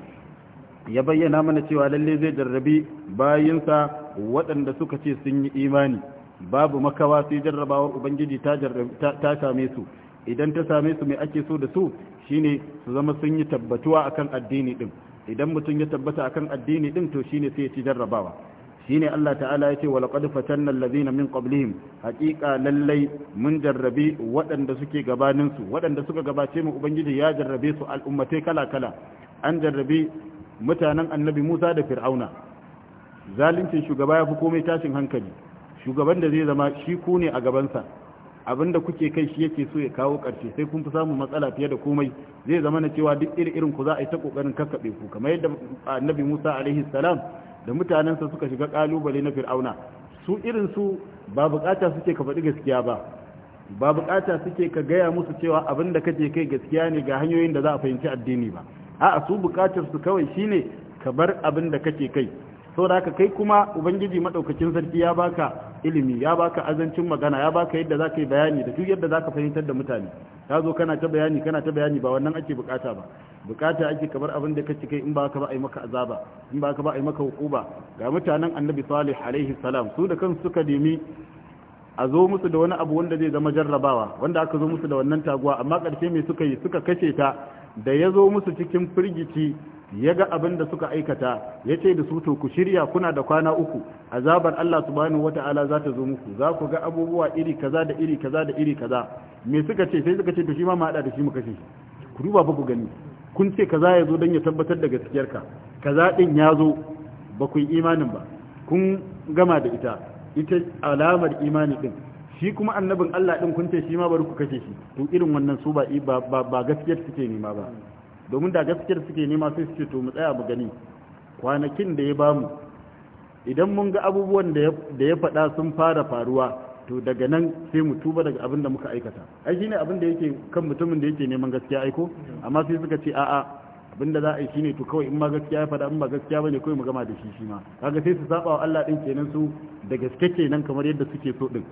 ya bayyana mana cewa lalle zai jarrabi bayinsa waɗanda suka ce sun yi imani babu makawa sai jarrabawar ubangiji ta same su idan ta same su mai ake so da su shine su zama sun yi tabbatuwa akan addini din idan mutum ya tabbata akan addini din to shine sai ya ci jarrabawa shine Allah ta'ala ce wa laqad fatanna allazina min qablihim haqiqa lallai mun jarrabi waɗanda suke gabanin su waɗanda suka gabace mu ubangiji ya jarrabe su al'ummatai kala kala an jarrabi mutanen annabi musa da fir'auna zalincin shugaba ya fi komai tashin hankali shugaban da zai zama shi ku ne a gabansa abinda kuke kai shi yake so ya kawo ƙarshe sai kun fi samun matsala fiye da komai zai zama na cewa duk irin irin ku za a yi ta kokarin kakkaɓe ku kamar yadda annabi musa alaihi salam da mutanensa suka shiga kalubale na fir'auna su irin su ba buƙata suke ka faɗi gaskiya ba ba buƙata suke ka gaya musu cewa abin da kake kai gaskiya ne ga hanyoyin da za a fahimci addini ba a su bukatar su kawai shine ka bar abin da kake kai saboda haka kai kuma ubangiji madaukakin sarki ya baka ilimi ya baka azancin magana ya baka yadda zaka yi bayani da duk yadda zaka fahimtar da mutane ka zo kana ta bayani kana ta bayani ba wannan ake bukata ba bukata ake kamar abin da kake kai in ba ka ba ai maka azaba in ba ka ba ai maka hukuba ga mutanen annabi salih alaihi salam su da kansu suka nemi a zo musu da wani abu wanda zai zama jarrabawa wanda aka zo musu da wannan taguwa amma karshe me suka yi suka kashe ta da ya zo musu cikin firgici ya ga abin da suka aikata ya ce da su to ku shirya kuna da kwana uku azabar Allah subhanahu ta'ala za ta zo muku za ku ga abubuwa iri kaza da iri kaza da iri kaza me suka ce sai suka ce to shi ma ma da shi mu kashe ku duba ba ku gani kun ce kaza ya zo don ya tabbatar da gaskiyarka kaza din ya zo ba ku imanin ba kun gama da ita ita alamar imani din shi kuma annabin Allah din kun ce shi ma bari ku kashe shi to irin wannan su ba ba gaskiyar suke nema ba domin da gaskiyar suke nema sai su ce to mu tsaya mu gani kwanakin da ya bamu idan mun ga abubuwan da ya faɗa sun fara faruwa to daga nan sai mu tuba daga abin da muka aikata ai shine abin da yake kan mutumin da yake neman gaskiya aiko amma sai suka ce a'a abin da za a yi shine to kawai in ma gaskiya ya faɗa in ba gaskiya bane kawai mu gama da shi shi ma kaga sai su saba wa Allah din kenan su da gaske kenan kamar yadda suke so din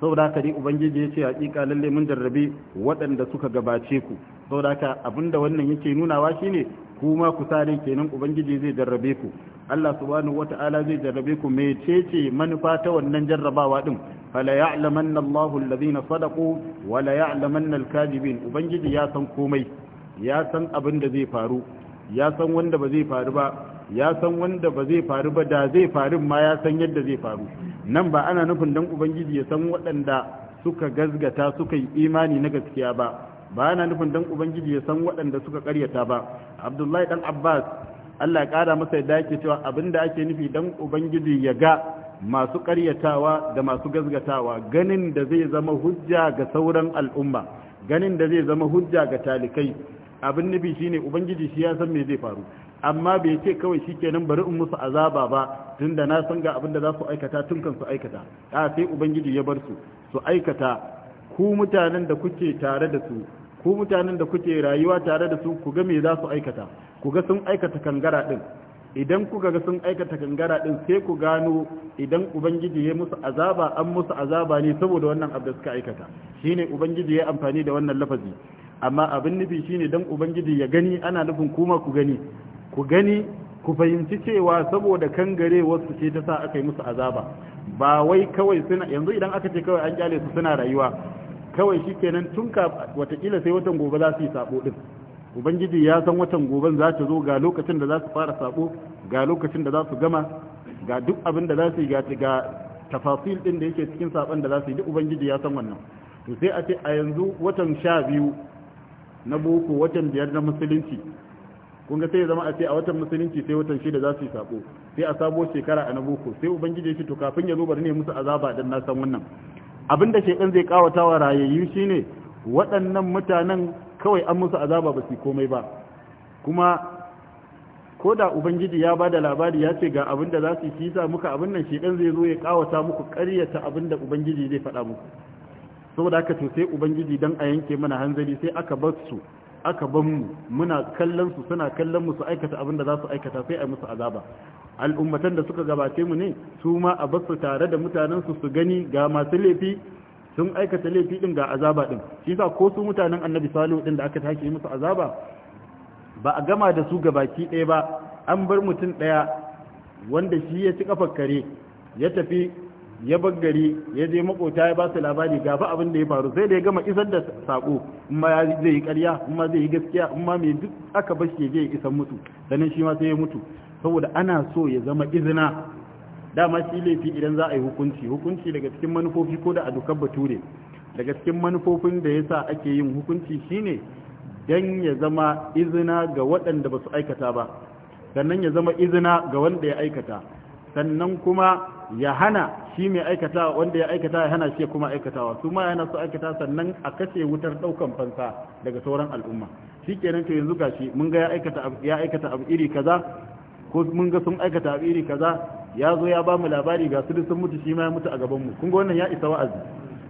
saboda haka dai ubangiji ya ce hakika lalle mun jarrabe waɗanda suka gabace ku saboda haka abinda wannan yake nunawa shine kuma ku sare kenan ubangiji zai jarrabe ku Allah subhanahu wata'ala zai jarrabe ku mecece manufa ta wannan jarrabawa din fala ya'lamanna Allahu alladhina sadaqu wa la ya'lamanna al ubangiji ya san komai ya san abin da zai faru ya san wanda ba zai faru ba ya san wanda ba zai faru ba da zai faru ma ya san yadda zai faru nan ba ana nufin dan ubangiji ya san waɗanda suka gazgata suka yi imani na gaskiya ba ba ana nufin dan ubangiji ya san waɗanda suka karyata ba abdullahi dan abbas allah ya ƙara masa yadda yake cewa abinda ake nufi dan ubangiji ya ga masu karyatawa da masu gazgatawa ganin da zai zama hujja ga sauran al'umma ganin da zai zama hujja ga talikai abin nufi shine ubangiji shi ya san me zai faru amma bai ce kawai shikenan bari in musu azaba ba tunda na san ga abin da za su aikata tun kan su aikata a sai ubangiji ya bar su su aikata ku mutanen da kuke tare da su ku mutanen da kuke rayuwa tare da su ku ga me za su aikata ku ga sun aikata kangara din idan kuka ga sun aikata kangara din sai ku gano idan ubangiji ya musu azaba an musu azaba ne saboda wannan abu da suka aikata shine ubangiji ya amfani da wannan lafazi amma abin nufi shine dan ubangiji ya gani ana nufin kuma ku gani ku gani ku fahimci cewa saboda gare wasu ce ta sa aka yi musu azaba ba wai kawai suna yanzu idan aka ce kawai an kyale su suna rayuwa kawai shi kenan tun ka watakila sai watan gobe za su yi sabo din ubangiji ya san watan goben za ta zo ga lokacin da za su fara sabo ga lokacin da za su gama ga duk abin da za su yi ga tafasil din da yake cikin saban da za su yi duk ubangiji ya san wannan to sai a ce a yanzu watan sha biyu na boko watan biyar na musulunci kun ga sai ya zama a ce a watan musulunci sai watan shida za su yi sako sai a sabo shekara a na sai ubangiji ya ce to kafin ya zo bari ne musu azaba dan na san wannan abinda da shekan zai kawata wa rayayyu shine waɗannan mutanen kawai an musu azaba ba su komai ba kuma ko da ubangiji ya bada labari ya ce ga abin da za su yi sa muka abin nan shekan zai zo ya kawata muku ƙaryata abin da ubangiji zai faɗa muku saboda aka to sai ubangiji dan a yanke mana hanzari sai aka bar su aka ban muna kallon su suna kallon mu aikata abin da za su aikata sai a musu azaba al'ummatan da suka gabace mu ne su ma a basu tare da mutanen su su gani ga masu laifi sun aikata laifi din ga azaba din shi yasa ko su mutanen annabi salihu din da aka tashi musu azaba ba a gama da su gabaki ɗaya ba an bar mutum ɗaya wanda shi ya ci kafar kare ya tafi ya gari ya je makota ya ba su labari ga ba abin da ya faru sai da ya gama isar da sako amma ya zai yi ƙarya amma zai yi gaskiya amma mai duk aka bar shi je isar mutu sannan shi ma sai ya mutu saboda ana so ya zama izina dama shi laifi idan za a yi hukunci hukunci daga cikin manufofi ko da a dokar bature daga cikin manufofin da yasa ake yin hukunci shine dan ya zama izina ga waɗanda ba su aikata ba sannan ya zama izina ga wanda ya aikata sannan kuma ya hana shi mai aikata wanda ya aikata ya hana shi kuma aikatawa su ma yana su aikata sannan a kace wutar daukan fansa daga sauran al'umma shikenan to yanzu gashi mun ga ya aikata ya aikata abu iri kaza ko mun ga sun aikata abu iri kaza ya zo ya ba mu labari ga su sun mutu shi ma ya mutu a gaban mu kun ga wannan ya isa wa'azi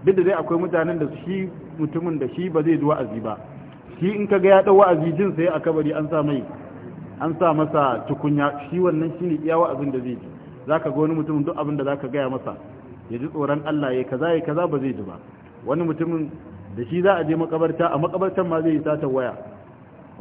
duk da dai akwai mutanen da shi mutumin da shi ba zai ji wa'azi ba shi in ka ga ya dau wa'azi jin sai a kabari an sa mai an sa masa tukunya shi wannan shine iya wa'azin da zai ji ka ga wani mutumin duk abin da ka gaya masa ya ji tsoron Allah ya kaza ya kaza ba zai ji ba wani mutumin da shi za a je makabarta a makabartar ma zai yi sata waya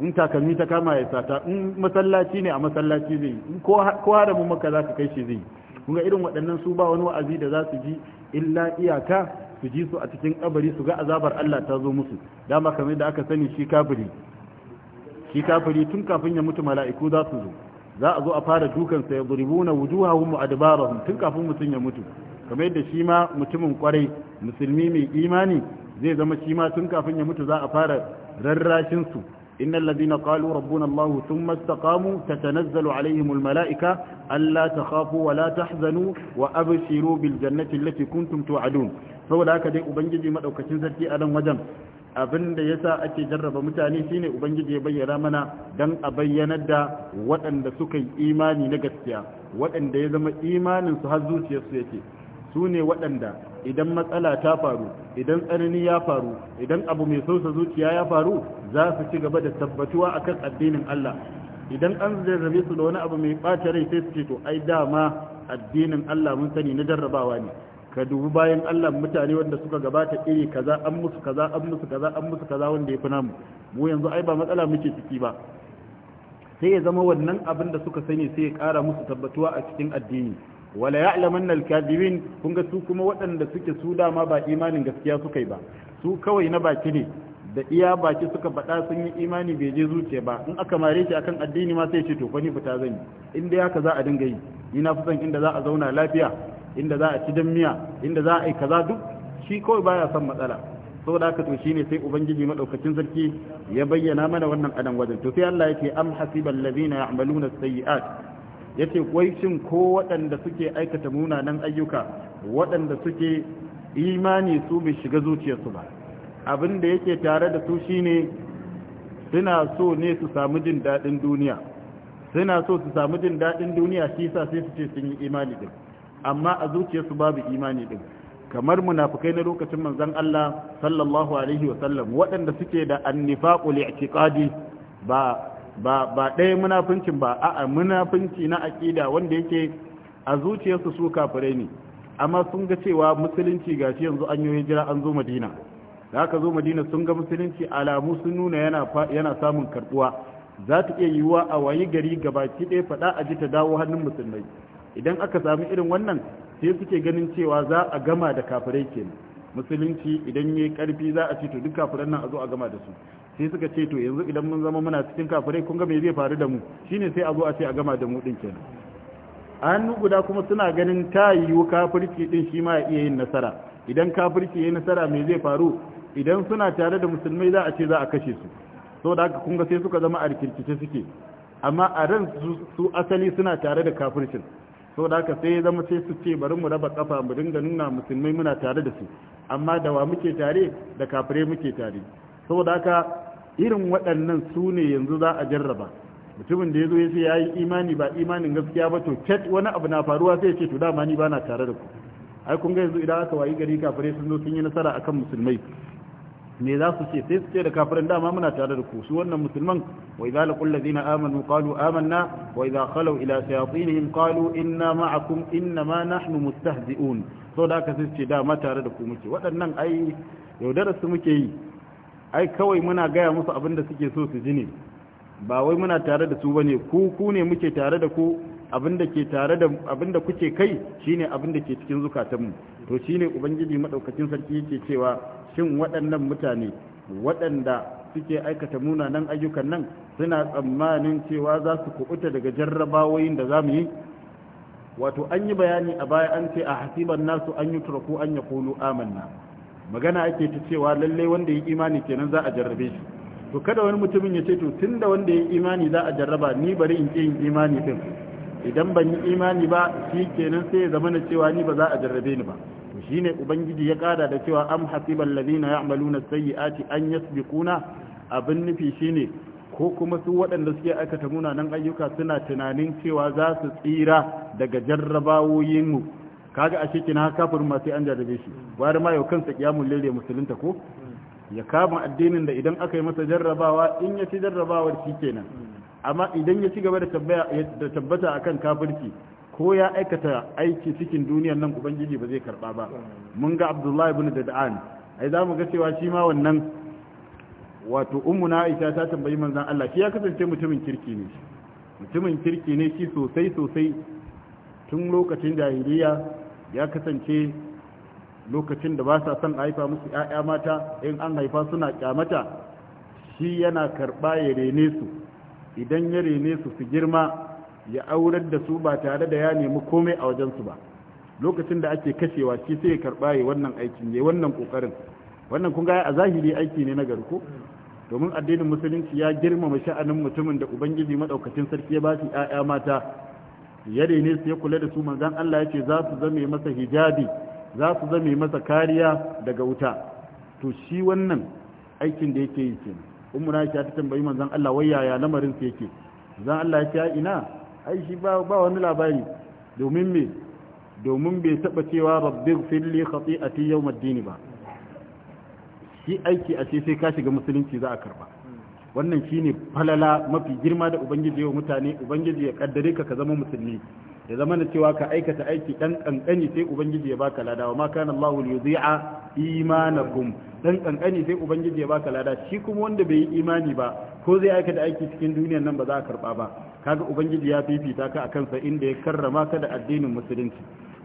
in takalmi ta kama ya sata in masallaci ne a masallaci zai yi in ko haramun maka za ka kai shi zai kuma irin waɗannan su ba wani wa'azi da za su ji illa iyaka su ji su a cikin kabari su ga azabar Allah ta zo musu dama kamar da aka sani shi kafiri shi kafiri tun kafin ya mutu mala'iku za su zo za a zo a fara dukan sa yadribuna wujuhahum wa adbarahum tun kafin mutun ya mutu kamar yadda shi ma mutumin kwarai musulmi mai imani zai zama shi ma tun kafin ya mutu za a fara rarrashin su innal ladina qalu rabbuna allah thumma istaqamu tatanazzalu alaihim al malaika alla takhafu wa la tahzanu wa abshiru bil jannati allati kuntum tu'adun saboda haka dai ubangiji madaukakin sarki a nan wajen abin da ya sa ake jarraba mutane shine ubangiji ya bayyana mana dan a bayyanar da waɗanda suka yi imani na gaskiya waɗanda ya zama imanin su har zuciyarsu yake su ne waɗanda idan matsala ta faru idan tsanani ya faru idan abu mai sosa zuciya ya faru za su ci gaba da tabbatuwa a kan addinin Allah idan an jarrabe su da wani abu mai ɓata rai sai su ce to ai dama addinin Allah mun sani na jarrabawa ne ka dubu bayan Allah mutane wanda suka gabata iri kaza an musu kaza an musu kaza an musu kaza wanda ya fi namu mu yanzu ai ba matsala muke ciki ba sai ya zama wannan abin da suka sani sai ya kara musu tabbatuwa a cikin addini wala ya'lamanna al-kadhibin kun ga su kuma waɗanda suke su dama ba imanin gaskiya suka yi ba su kawai na baki ne da iya baki suka faɗa sun yi imani bai je zuciya ba in aka mare shi akan addini ma sai ce to fa ni fita zan yi in dai haka za a dinga yi ni na fi son inda za a zauna lafiya inda za a ci dan miya inda za a yi kaza duk shi kawai baya son matsala saboda haka to shine sai ubangiji madaukakin sarki ya bayyana mana wannan adan wajen to sai Allah yake am hasibal ladina ya'maluna sayyi'at yace wai shin ko waɗanda suke aikata munanan ayyuka waɗanda suke imani su bai shiga zuciyarsu ba abin da yake tare da su shine suna so ne su samu jin daɗin duniya sai na so su samu jin daɗin duniya shi yasa sai su ce sun yi imani din amma a zuciyarsu babu imani din kamar munafikai na lokacin manzon Allah sallallahu alaihi wa sallam waɗanda suke da annifaqul i'tiqadi ba ba ba ɗaya munafincin ba a'a munafinci na aqida wanda yake a zuciyarsu su kafirai ne amma sun ga cewa musulunci gashi yanzu an yi hijira an zo Madina da aka zo Madina sun ga musulunci alamu sun nuna yana yana samun karbuwa za ta iya yiwuwa a wayi gari ga baki ɗaya faɗa a ji ta dawo hannun musulmai idan aka sami irin wannan sai suke ganin cewa za a gama da kafirai kenan musulunci idan yayi ƙarfi za a ce to duk kafiran nan a zo a gama da su sai suka ce to yanzu idan mun zama muna cikin kafirai kun ga me zai faru da mu shine sai a zo a ce a gama da mu din kenan a hannu guda kuma suna ganin ta yiwu kafirci din shi ma ya iya yin nasara idan kafirci yi nasara me zai faru idan suna tare da musulmai za a ce za a kashe su saboda haka kun sai suka zama a rikirkice suke amma a ran su asali suna tare da kafircin saboda haka sai zama sai su ce bari mu raba kafa mu dinga nuna musulmai muna tare da su amma da wa muke tare da kafirai muke tare saboda haka irin waɗannan su ne yanzu za a jarraba mutumin da ya zo ya ce ya yi imani ba imanin gaskiya ba to cat wani abu na faruwa sai ya ce to dama ni ba na tare da ku ai kun ga yanzu idan aka wayi gari kafirai sun zo sun yi nasara akan musulmai me za su ce sai su ce da kafirin dama muna tare da ku su wannan musulman wa idza laqul ladina amanu qalu amanna wa idza khalu ila shayatinihim qalu inna ma'akum inna ma nahnu mustahzi'un to da ka sai ce dama tare da ku muke waɗannan ai yaudarar su muke yi ai kawai muna gaya musu abin da suke so su ji ne ba wai muna tare da su bane ku ku ne muke tare da ku abinda ke tare da abinda kuke kai shine abinda ke cikin zukatanmu to shi ne ubangiji maɗaukacin sarki yake cewa shin waɗannan mutane waɗanda suke aikata munanan ayyukan nan suna tsammanin cewa za su kubuta daga jarrabawoyin da za mu yi wato an yi bayani a baya an ce a hasiban nasu an yi turaku an ya kulu amanna magana ake ta cewa lalle wanda ya imani kenan za a jarrabe shi to kada wani mutumin ya ce to tunda wanda ya imani za a jarraba ni bari in ce yin imani din idan ban yi imani ba shi kenan sai ya zamana cewa ni ba za a jarrabe ni ba shine ubangiji ya kada da cewa am hasibal ladina ya'maluna sayyi'ati an yasbiquna abin nufi shine ko kuma su waɗanda suke aikata munanan ayyuka suna tunanin cewa za su tsira daga jarrabawoyinmu kaga ashe kina kafir ma sai an jarrabe shi wayar ma yau kansa kiyamul laili musulunta ko ya kama addinin da idan aka yi masa jarrabawa in ya ci jarrabawar shi kenan amma idan ya ci gaba da tabbata akan kafirci ko ya aikata aiki cikin duniyar nan ubangiji ba zai karba ba mun ga abdullahi ibn dad'an ai za mu ga cewa shi ma wannan wato ummuna aisha ta tambayi manzon Allah shi ya kasance mutumin kirki ne mutumin kirki ne shi sosai sosai tun lokacin jahiliya ya kasance lokacin da ba sa son haifa musu ƴaƴa mata in an haifa suna kyamata shi yana karba ya rene su idan ya rene su su girma ya aurar da su ba tare da ya nemi komai a wajen su ba lokacin da ake kashewa shi sai ya karba ya wannan aikin ya wannan kokarin wannan kun gaya a zahiri aiki ne na garko domin addinin musulunci ya girmama sha'anin mutumin da ubangiji maɗaukacin sarki ya bashi 'ya'ya mata yare ne su ya kula da su manzon Allah ya ce za su zame masa hijabi za su zame masa kariya daga wuta to shi wannan aikin da yake yi kenan shi ta tambayi manzan Allah wai yaya lamarin sa yake manzon Allah ya ce ina ai shi ba wani labari domin me domin bai taba cewa rabbir filli khati'ati yawmad ba shi aiki a ce sai ka shiga musulunci za a karba wannan shine falala mafi girma da ubangiji ya mutane ubangiji ya kaddare ka ka zama musulmi ya zama na cewa ka aikata aiki dan kankani sai ubangiji ya baka lada wa ma kana Allahu yudhi'a imanakum dan kankani sai ubangiji ya baka lada shi kuma wanda bai yi imani ba ko zai aikata aiki cikin duniyar nan ba za a karba ba kaga ubangiji ya fifita ka akan sa inda ya karrama ka da addinin musulunci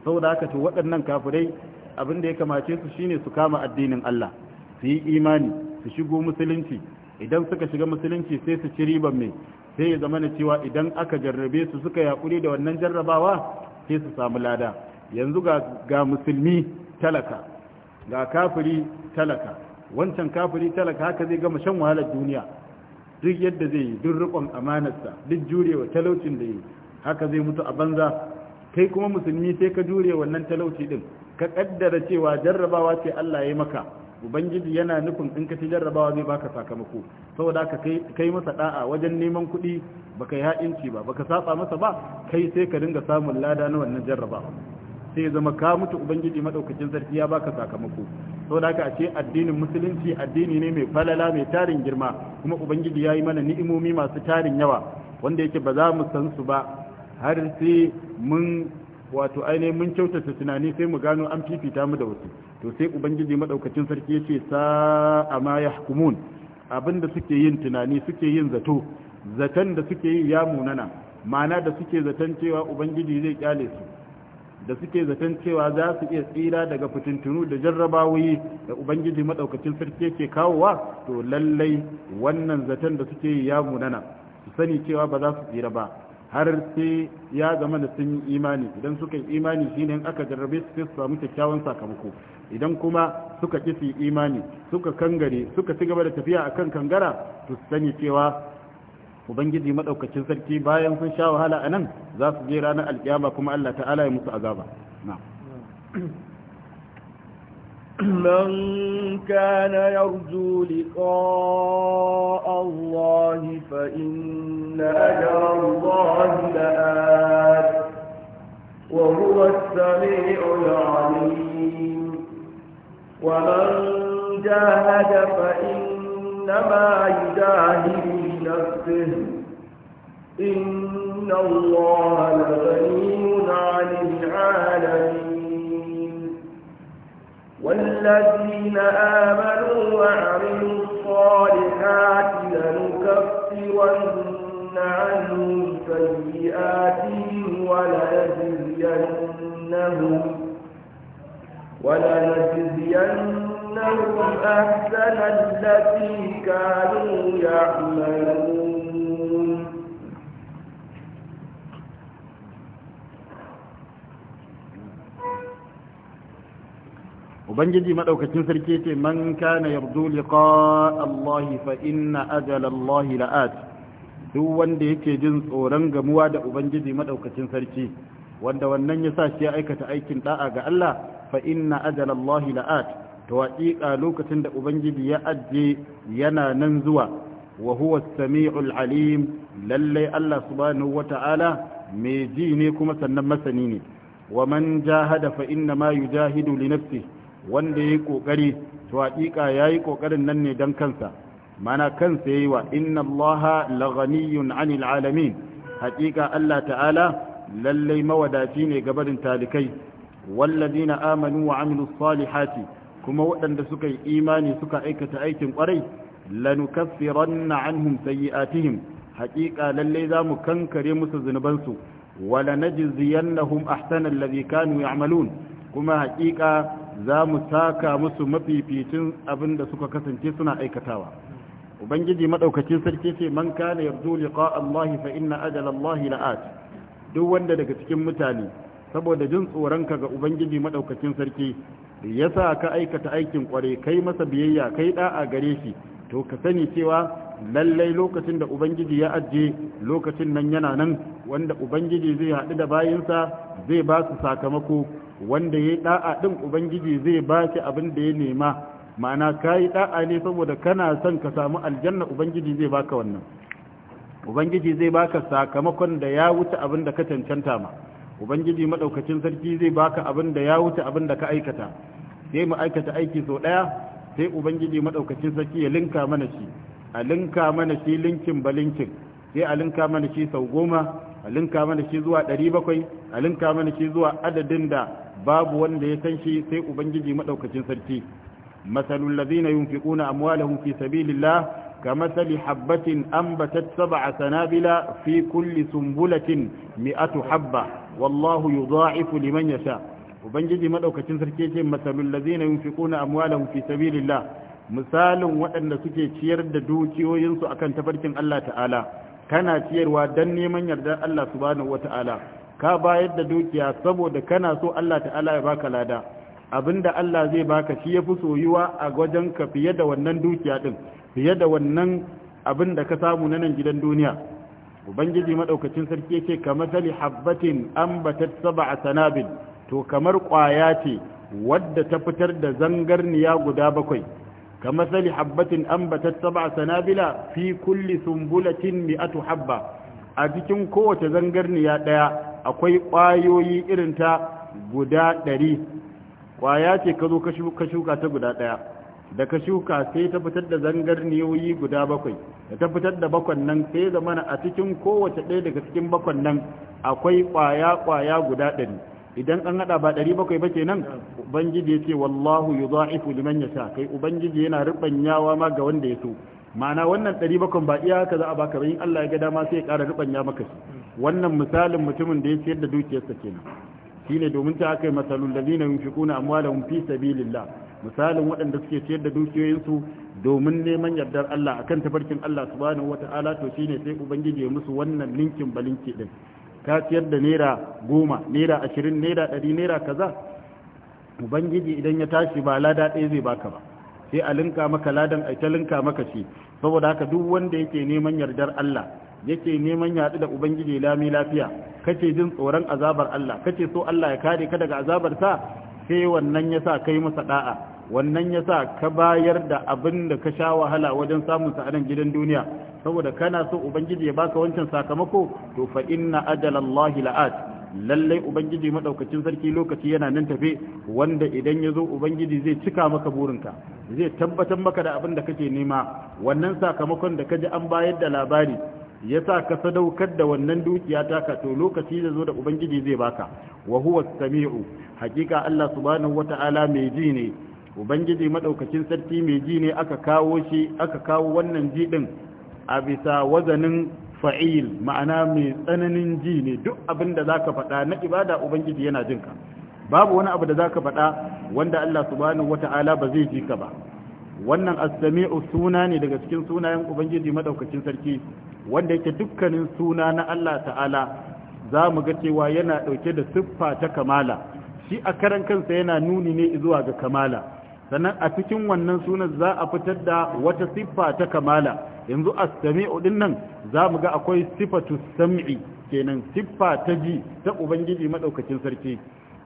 saboda haka to waɗannan kafirai abin da ya kamace su shine su kama addinin Allah su yi imani su shigo musulunci idan suka shiga musulunci sai su ci riban mai sai ya zama na cewa idan aka jarrabe su suka yaƙuri da wannan jarrabawa sai su samu lada yanzu ga musulmi talaka ga kafiri talaka wancan kafiri talaka haka zai gama shan wahalar duniya duk yadda zai yi duk riƙon amanarsa duk jurewa talaucin da yi haka zai mutu a banza kai kuma musulmi sai ka jure wannan talauci din ka kaddara cewa jarrabawa ce Allah ya maka ubangiji yana nufin in ka ci jarrabawa zai baka sakamako saboda ka kai masa da'a wajen neman kuɗi baka yi ha'inci ba baka saba masa ba kai sai ka dinga samun lada na wannan jarrabawa sai zama ka mutu ubangiji maɗaukacin sarki ya baka sakamako saboda ka a ce addinin musulunci addini ne mai falala mai tarin girma kuma ubangiji ya yi mana ni'imomi masu tarin yawa wanda yake ba za mu san su ba har sai mun wato ainihin mun kyautata tunani sai mu gano an fifita mu da wasu to sai ubangiji madaukakin sarki yace sa'a ma yahkumun abinda suke yin tunani suke yin zato zaton da suke yi ya munana mana da suke zaton cewa ubangiji zai kyale su da suke zaton cewa za su iya tsira daga fitintunu da jarrabawoyi da ubangiji madaukakin sarki yake kawowa to lallai wannan zaton da suke yi ya munana su sani cewa ba za su tsira ba har sai ya zama da sun yi imani idan suka yi imani shine aka jarrabe su sai su samu kyakkyawan sakamako idan kuma suka ki su yi imani suka kangare suka ci gaba da tafiya akan kangara to su sani cewa ubangiji madaukakin sarki bayan sun sha wahala anan za su je ranar alƙiyama kuma Allah ta'ala ya musu azaba na'am من كان يرجو لقاء الله فإن أجر الله لآت وهو السميع العليم ومن جاهد فإنما يجاهد لنفسه إن الله لغني عن العالمين والذين آمنوا وعملوا الصالحات لنكفرن عنهم سيئاتهم ولنجزينهم ولنجزينهم أحسن التي كانوا يعملون ubangiji madaukakin sarki ce man kana yarju liqa Allah fa inna ajala Allah la'at duk wanda yake jin tsoron gamuwa da ubangiji madaukakin sarki wanda wannan yasa shi aikata aikin da'a ga Allah fa inna ajala Allah la'at to haƙiƙa lokacin da ubangiji ya ajje yana nan zuwa wa huwa as-sami'ul alim lalle Allah subhanahu wata'ala mai ji ne kuma sannan masani ne wa man jahada fa inna ma yujahidu li nafsihi wanda ya yi ƙoƙari to haƙiƙa ya yi ƙoƙarin nan ne don kansa mana kansa ya yi wa inna allaha laghaniyun anil alamin haƙiƙa allah ta'ala lallai mawadaci ne gabarin talikai wallazina amanu wa amilus salihati kuma waɗanda suka yi imani suka aikata aikin ƙwarai lanukaffiranna anhum sayyi'atihim haƙiƙa lallai za mu kankare musu zunubansu wala najziyannahum ahsana allazi kanu ya'malun kuma haƙiƙa za mu saka musu mafificin abin da suka kasance suna aikatawa ubangiji maɗaukacin sarki ce man kana yarzu liqa Allah fa inna ajala Allah la'at duk wanda daga cikin mutane saboda jin tsoronka ga ubangiji maɗaukacin sarki yasa ka aikata aikin kware kai masa biyayya kai da'a gare shi to ka sani cewa lallai lokacin da ubangiji ya ajiye lokacin nan yana nan wanda ubangiji zai haɗu da bayinsa zai ba su sakamako wanda ya yi ɗa'a ɗin ubangiji zai ba shi abin da ya nema ma'ana ka yi ɗa'a ne saboda kana son ka samu aljanna ubangiji zai baka wannan ubangiji zai baka sakamakon da ya wuce abin da ka cancanta ma ubangiji maɗaukacin sarki zai baka abin da ya wuce abin da ka aikata sai mu aikata aiki sau ɗaya sai ubangiji maɗaukacin sarki ya linka mana shi a linka mana shi linkin ba linkin sai a linka mana shi sau goma a linka mana shi zuwa ɗari bakwai a linka mana shi zuwa adadin da babu wanda ya san shi sai ubangiji madaukakin sarki masalul ladina yunfiquna amwalahum fi sabilillah kamathali habatin anbatat sab'a sanabila fi kulli sumbulatin mi'atu habba wallahu yudha'ifu liman yasha ubangiji madaukakin sarki ce masalul ladina yunfiquna amwalahum fi sabilillah misalin waɗanda suke ciyar da dukiyoyinsu akan tafarkin Allah ta'ala kana ciyarwa dan neman yardar Allah subhanahu wata'ala ka bayar da dukiya saboda kana so Allah ta'ala ya baka lada abinda Allah zai baka shi yafi soyuwa a wajen ka fiye da wannan dukiya din fiye da wannan abinda ka samu na nan gidan duniya ubangiji madaukakin sarki yace kamar sali habbatin ambatat sab'a sanabil to kamar kwaya ce wadda ta fitar da zangarniya guda bakwai kamar sali habbatin ambatat sab'a sanabila fi kulli sumbulatin mi'atu habba a cikin kowace zangarniya daya akwai ƙwayoyi irin ta guda ɗari ƙwaya ce ka zo ka shuka ta guda ɗaya da ka shuka sai ta fitar da zangarniyoyi guda bakwai da ta fitar da bakwan nan sai zamana a cikin kowace ɗaya daga cikin bakwan nan akwai ƙwaya ƙwaya guda ɗari idan an haɗa ba ɗari bakwai ba kenan ubangiji ya ce wallahu yuza'ifu liman sha. kai ubangiji yana rubanyawa ma ga wanda ya so. ma'ana wannan ɗari ba iya haka za a baka bayin Allah ya ga dama sai ya ƙara rubanya maka shi wannan misalin mutumin da ya ciyar da dukiyarsa kenan shine domin ta aka yi masalul ladina yunfiquna amwalahum fi sabilillah misalin waɗanda suke ciyar da dukiyoyinsu domin neman yardar Allah akan tafarkin Allah subhanahu wata'ala to ne sai ubangiji ya musu wannan linkin balinki din ka ciyar da naira goma naira ashirin naira ɗari naira kaza ubangiji idan ya tashi ba lada ɗaya zai baka ba sai a linka maka ladan ai ta linka maka shi saboda haka duk wanda yake neman yardar Allah yake neman yaɗu da ubangiji lami lafiya kace jin tsoron azabar Allah kace so Allah ya kare ka daga azabar sa sai wannan yasa kai masa da'a wannan yasa ka bayar da abin da ka sha wahala wajen samun sa gidan duniya saboda kana so ubangiji ya baka wancan sakamako to fa inna ajalallahi la'at lallai ubangiji madaukakin sarki lokaci yana nan tafe wanda idan ya zo ubangiji zai cika maka burinka zai tabbatar maka da abin da kake nema wannan sakamakon da kaji an bayar da labari ya sa ka sadaukar da wannan dukiya taka to lokaci da zo da ubangiji zai baka wa huwa samiu hakika Allah subhanahu wata'ala mai ji ne ubangiji madaukakin sarki mai ji ne aka kawo shi aka kawo wannan ji a bisa wazanin fa'il ma'ana mai tsananin ji ne duk abin da zaka faɗa na ibada ubangiji yana jin ka babu wani abu da zaka faɗa wanda Allah subhanahu wata'ala ba zai ji ka ba wannan as-sami'u suna ne daga cikin sunayen ubangiji madaukakin sarki wanda yake dukkanin suna na Allah ta'ala za mu ga cewa yana ɗauke da siffa ta kamala shi a karan kansa yana nuni ne zuwa ga kamala sannan a cikin wannan sunan za a fitar da wata siffa ta kamala yanzu as-sami'u nan za mu ga akwai sifatu sam'i kenan siffa ta ji ta ubangiji maɗaukacin sarki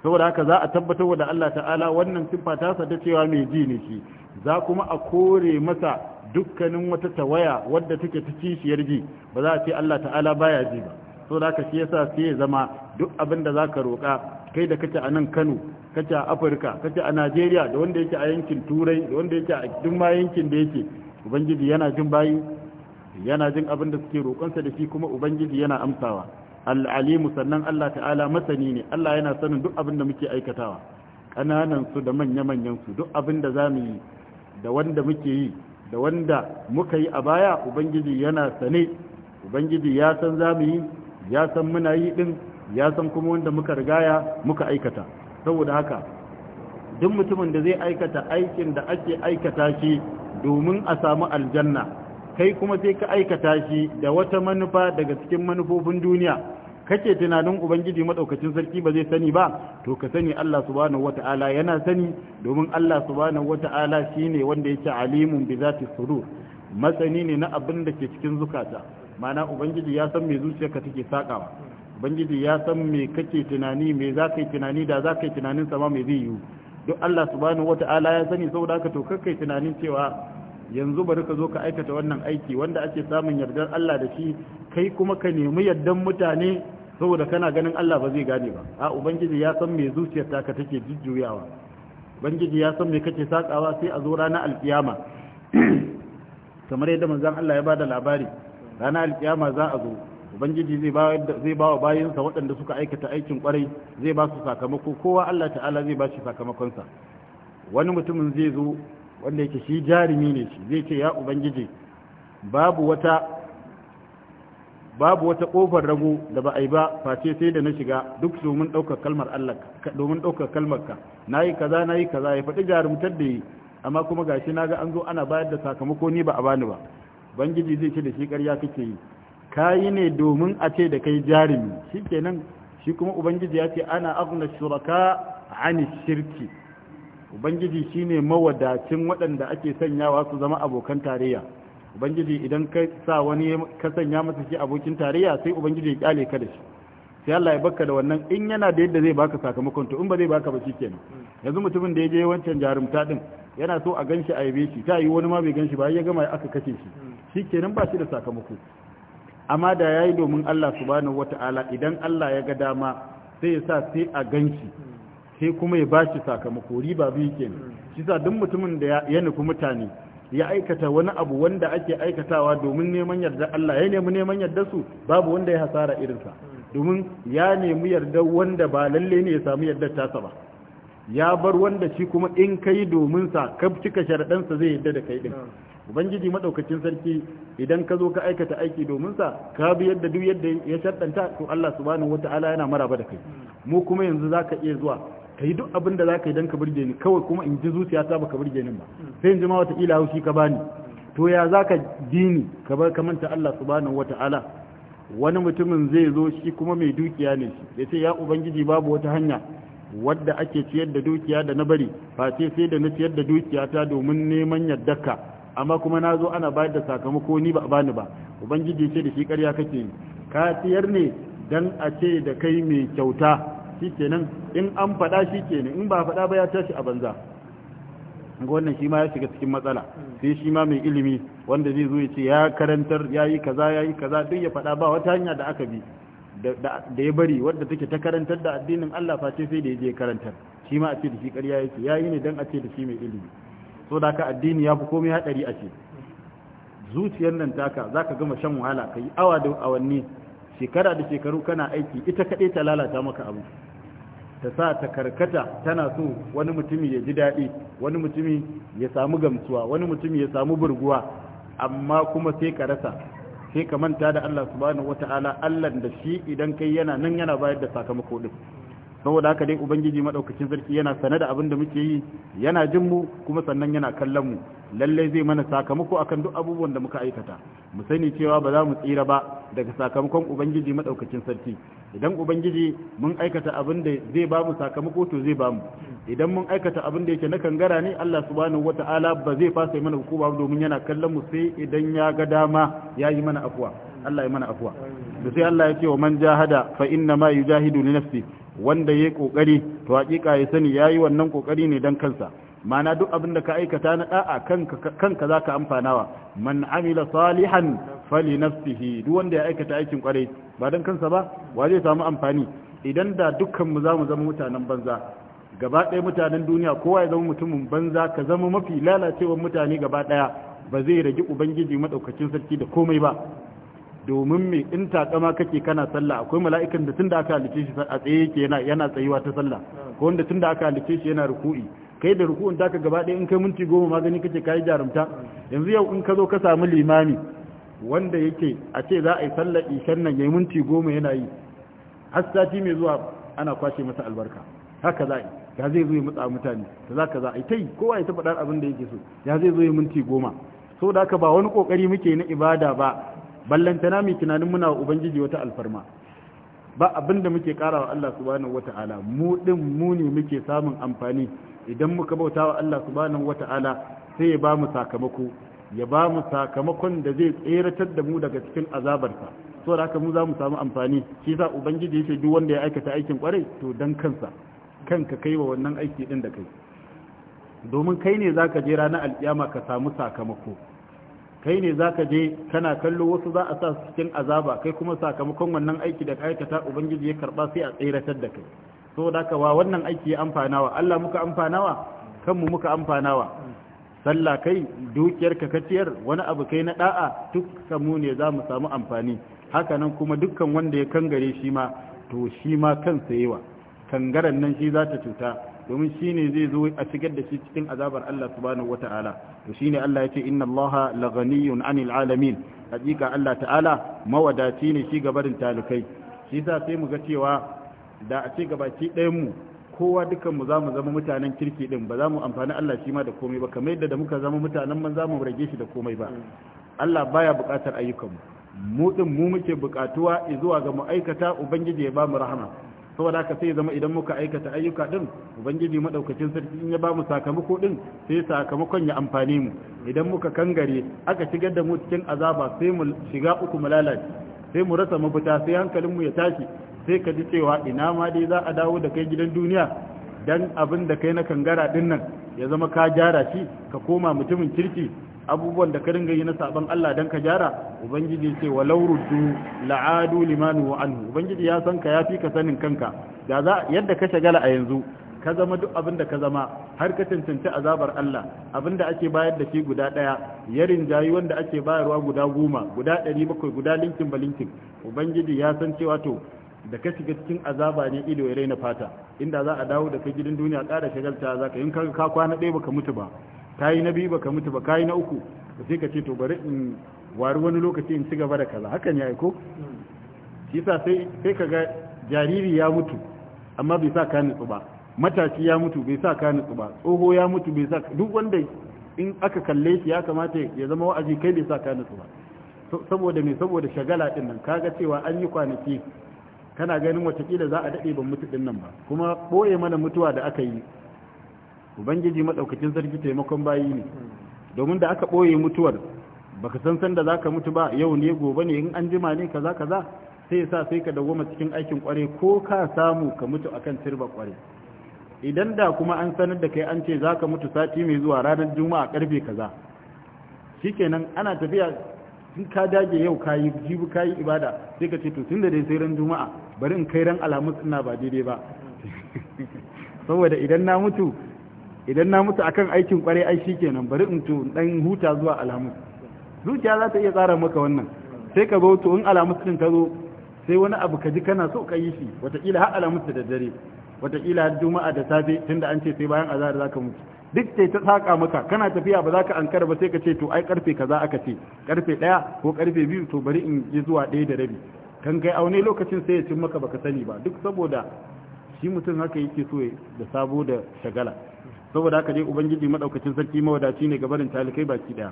saboda haka za a tabbatar da Allah ta'ala wannan siffa ta sa ta cewa mai ji ne shi za kuma a kore masa dukkanin wata tawaya wadda take ta kishiyar ji ba za a ce Allah ta'ala baya ji ba saboda haka shi yasa sai ya zama duk abin da zaka roka kai da kace a nan Kano kace a Afirka kace a Najeriya da wanda yake a yankin Turai da wanda yake a duk ma yankin da yake ubangiji yana jin bayi yana jin abin da suke roƙonsa da shi kuma ubangiji yana amsawa al'alimu sannan Allah ta'ala masani ne Allah yana sanin duk abin da muke aikatawa ƙananan su da manya-manyan su duk abin da zamu yi da wanda muke yi da wanda muka yi a baya ubangiji yana sane ubangiji ya san zamu yi ya san muna yi din ya san kuma wanda muka rigaya muka aikata saboda haka duk mutumin da zai aikata aikin da ake aikata shi domin a samu aljanna kai kuma sai ka aikata shi da wata manufa daga cikin manufofin duniya kake tunanin ubangiji madaukakin sarki ba zai sani ba to ka sani Allah subhanahu wata'ala yana sani domin Allah subhanahu wata'ala shine wanda yake alimun bi zati sudur matsani ne na abin da ke cikin zukata ma'ana ubangiji ya san me zuciyarka take sakawa bangiji ya san me kake tunani me za ka yi tunani da za ka yi tunanin sama me zai yi duk Allah subhanahu wata'ala ya sani saboda haka to kai tunanin cewa yanzu bari ka zo ka aikata wannan aiki wanda ake samun yardar Allah da shi kai kuma ka nemi yardan mutane saboda kana ganin Allah ba zai gane ba a ubangiji ya san me zuciyar ka take jujjuyawa ubangiji ya san me kake sakawa sai a zo ranar alkiyama kamar yadda manzon Allah ya bada labari ranar alkiyama za a zo ubangiji zai ba zai wa bayinsa waɗanda suka aikata aikin kwarai zai ba su sakamako kowa Allah ta'ala zai ba shi sakamakon wani mutumin zai zo wanda yake shi jarumi ne shi zai ce ya ubangiji babu wata ƙofar wata rago da ba a yi ba face sai da na shiga duk domin ɗaukar kalmar Allah domin ɗaukar kalmar ka nayi kaza nayi kaza ya faɗi jarumtar da yi amma kuma gashi ga an zo ana bayar da sakamako ni ba a bani ba bangiji zai ce da shi ƙarya kake yi ka yi ne domin a ce da kai jarumi shi kenan shi kuma ubangiji ya ce ana da shuraka ani shirki ubangiji shine mawadacin waɗanda ake sanyawa su zama abokan tarayya ubangiji idan ka sa wani ka sanya masa shi abokin tarayya sai ubangiji ya kyale ka da shi sai Allah ya baka da wannan in yana da yadda zai baka sakamakon to in ba zai baka ba shikenan yanzu mutumin da ya je wancan jarumta din yana so a ganshi a yabe shi ta yi wani ma bai ganshi ba ya gama aka kace shi shi kenan ba shi da sakamako amma da yayi domin Allah subhanahu wata'ala idan Allah ya ga dama sai ya sa sai a ganshi sai kuma ya bashi sakamako riba biyu kenan shi sa duk mutumin da ya nufi mutane ya aikata wani abu wanda ake aikatawa domin neman yarda Allah ya nemi neman yarda su babu wanda ya hasara irinsa domin ya nemi yarda wanda ba lalle ne ya samu yardar tasa ba ya bar wanda shi kuma in kai domin sa ka cika sharaɗansa zai yadda da kai din ubangiji madaukakin sarki idan ka zo ka aikata aiki domin sa ka bi yadda duk yadda ya sharɗanta to Allah subhanahu wataala yana maraba da kai mu kuma yanzu zaka iya zuwa ka yi duk abin da za ka yi don ka birge ni kawai kuma in ji zuciya ta ka birge ni ba sai in ji ma wataƙila haushi ka bani to ya za ka dini ka bar ka manta Allah subhanahu wata'ala wani mutumin zai zo shi kuma mai dukiya ne shi ya ce ya ubangiji babu wata hanya wadda ake ciyar da dukiya da na bari face sai da na ciyar da dukiya ta domin neman yaddaka amma kuma na zo ana bayar da sakamako ni ba bani ba ubangiji ce da shi ƙarya kake yi ka ciyar ne dan a ce da kai mai kyauta shikenan in an faɗa shikenan in ba faɗa ba ya tashi a banza wannan shi ma ya shiga cikin matsala sai shi ma mai ilimi wanda zai zo ya ce ya karantar ya yi kaza ya yi kaza duk ya faɗa ba wata hanya da aka bi da ya bari wadda take ta karantar da addinin Allah face sai da ya je karantar shi ma a ce da shi ƙarya yake ya yi ne don a ce da shi mai ilimi so da ka addini ya fi komai haɗari a ce zuciyar nan taka za ka gama shan wahala ka yi awa da awanni shekara da shekaru kana aiki ita kaɗai ta lalata maka abu ta sa ta karkata tana so wani mutumi ya ji daɗi wani mutumi ya samu gamsuwa wani mutumi ya samu burguwa amma kuma sai ka rasa sai ka manta da Allah subhanahu wataala Allah da shi idan kai yana nan yana bayar da sakamako din saboda haka dai ubangiji madaukakin sarki yana sane da abin da muke yi yana jin mu kuma sannan yana kallon mu lalle zai mana sakamako akan duk abubuwan da muka aikata mu sani cewa ba za mu tsira ba daga sakamakon ubangiji madaukakin sarki idan ubangiji mun aikata abin da zai ba mu sakamako to zai ba mu idan mun aikata abin da yake na kangara ne Allah subhanahu wata'ala ba zai fasa mana hukuma domin yana kallon mu sai idan ya ga dama ya yi mana afuwa Allah ya mana afuwa da sai Allah ya ce wa man jahada fa inna ma yujahidu li nafsi wanda ya yi ƙoƙari to hakika ya sani ya yi wannan ƙoƙari ne dan kansa mana duk abin da ka aikata na ɗa'a kanka za zaka amfanawa man amila salihan fali nafsihi duk wanda ya aikata aikin kwarai ba dan kansa ba wa zai samu amfani idan da dukkan mu zamu zama mutanen banza gaba ɗaya mutanen duniya kowa ya zama mutumin banza ka zama mafi lalacewar mutane gaba ɗaya ba zai ragi ubangiji madaukakin sarki da komai ba domin me in takama kake kana sallah akwai mala'ikan da tunda aka halice shi a tsaye yake yana yana tsayuwa ta sallah ko wanda tunda aka halice shi yana ruku'i kai da ruku'un taka gaba ɗaya in kai minti goma magani kake kai jarumta yanzu yau in ka zo ka samu limami wanda yake a ce za a yi sallar ishan nan yayi minti goma yana yi har sati mai zuwa ana kwashe masa albarka haka za a yi ya zai zo ya mutsa mutane da za ka za a yi tai kowa ya taɓa ɗan abin da yake so ya zai zo ya minti goma so da haka ba wani ƙoƙari muke na ibada ba ballantana mai tunanin muna ubangiji wata alfarma ba abin muke kara wa Allah subhanahu wata'ala mu din mu ne muke samun amfani idan muka bauta wa Allah subhanahu wata'ala sai ya ba mu sakamako ya ba mu sakamakon da zai tseratar da mu daga cikin azabarsa so haka mu za mu samu amfani shi sa ubangiji yake duk wanda ya aikata aikin kwarai to dan kansa kanka kai wa wannan aiki din da kai domin kai ne zaka je ranar alkiyama ka samu sakamako kai ne zaka je kana kallo wasu za a sa su cikin azaba kai kuma sakamakon wannan aiki da aikata ubangiji ya karba sai a tseratar da kai saboda ka wa wannan aiki ya amfanawa Allah muka amfanawa kanmu muka amfanawa sallah kai dukiyar ka wani abu kai na da'a duk samu ne za mu samu amfani haka nan kuma dukkan wanda ya kangare shi ma to shi ma kansa yawa kangaran nan shi zata cuta domin ne zai zo a shigar da shi cikin azabar Allah subhanahu wata'ala to shi ne Allah ce, inna Allaha laghaniyun 'anil 'alamin hakika Allah ta'ala mawadaci ne shi gabarin talukai shi yasa sai mu ga cewa da a ce gabaki ɗayan mu kowa dukan mu zamu zama mutanen kirki din ba za mu amfani Allah shi ma da komai ba kamar yadda da muka zama mutanen man zamu rage shi da komai ba Allah baya buƙatar ayyukan mu mu din mu muke buƙatuwa zuwa ga mu aikata ubangiji ya ba mu rahama saboda haka sai zama idan muka aikata ayyuka din ubangiji madaukakin sarki in ya bamu sakamako din sai sakamakon ya amfane mu idan muka kangare aka shigar da mu cikin azaba sai mu shiga uku mu lalace sai mu rasa mabuta sai hankalin mu ya tashi sai ka ji cewa ina ma dai za a dawo da kai gidan duniya dan abin da kai na kangara din nan ya zama ka gyara shi ka koma mutumin kirki abubuwan da ka dinga yi na saban Allah dan ka jara ubangiji ce walau ruddu la'adu limanu wa anhu ubangiji ya san ka yafi ka sanin kanka da za yadda ka shagala a yanzu ka zama duk abin da ka zama har ka cancanci azabar Allah abin da ake bayar da shi guda ɗaya yarin jayi wanda ake bayarwa guda goma guda ɗari bakwai guda linkin ba linkin ubangiji ya san cewa to da ka shiga cikin azaba ne ido ya raina fata inda za a dawo da ka gidan duniya ƙara shagalta za ka yin ka kwana ɗaya baka mutu ba kayi na biyu baka mutu ba kayi na uku to sai ka ce to bari in wari wani lokaci in ci gaba da kaza hakan ya aiko shi sa sai sai ka ga jariri ya mutu amma bai sa ka nutsu ba matashi ya mutu bai sa ka nutsu ba tsoho ya mutu bai sa duk wanda in aka kalle shi ya kamata ya zama wa'azi kai bai sa ka nutsu ba saboda me saboda shagala din nan kaga cewa an yi kwanaki kana ganin wataƙila za a daɗe ban mutu din nan ba kuma ɓoye mana mutuwa da aka yi ubangiji madaukakin sarki taimakon bayi ne domin da aka ɓoye mutuwar baka san san da zaka mutu ba yau ne gobe ne in an jima ne kaza kaza sai sa sai ka ma cikin aikin kware ko ka samu ka mutu akan turba kware idan da kuma an sanar da kai an ce zaka mutu sati mai zuwa ranar juma'a karfe kaza shi shikenan ana tafiya in ka dage yau ka yi jibi ka ibada sai ka ce to tun da dai sai ran juma'a bari in kai ran alhamis ina ba daidai ba saboda idan na mutu idan na mutu akan aikin kwarai ai shikenan bari in to dan huta zuwa alamu zuciya za ta iya tsara maka wannan sai ka zo to in alamu din ka zo sai wani abu ka ji kana so ka yi shi wataƙila har alamu da daddare wataƙila har juma'a da safe tunda an ce sai bayan azhar za ka mutu duk sai ta saka maka kana tafiya ba za ka ankara ba sai ka ce to ai karfe kaza aka ce karfe ɗaya ko karfe biyu to bari in yi zuwa ɗaya da rabi kan kai aune lokacin sai ya cin maka baka sani ba duk saboda shi mutum haka yake so da sabo da shagala saboda haka dai ubangiji madaukakin sarki mawadaci ne ga barin talikai baki daya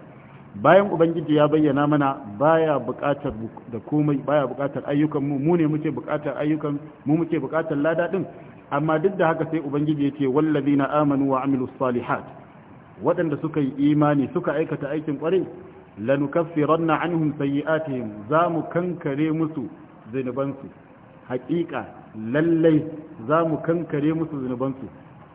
bayan ubangiji ya bayyana mana baya buƙatar da komai baya buƙatar ayyukan mu mu ne muke buƙatar ayyukan mu muke buƙatar lada din amma duk da haka sai ubangiji ya ce wallazina amanu wa amilus salihat wadanda suka yi imani suka aikata aikin kware lanukaffiranna anhum sayiatihim za mu kankare musu zinubansu haƙiƙa lallai za mu kankare musu zinubansu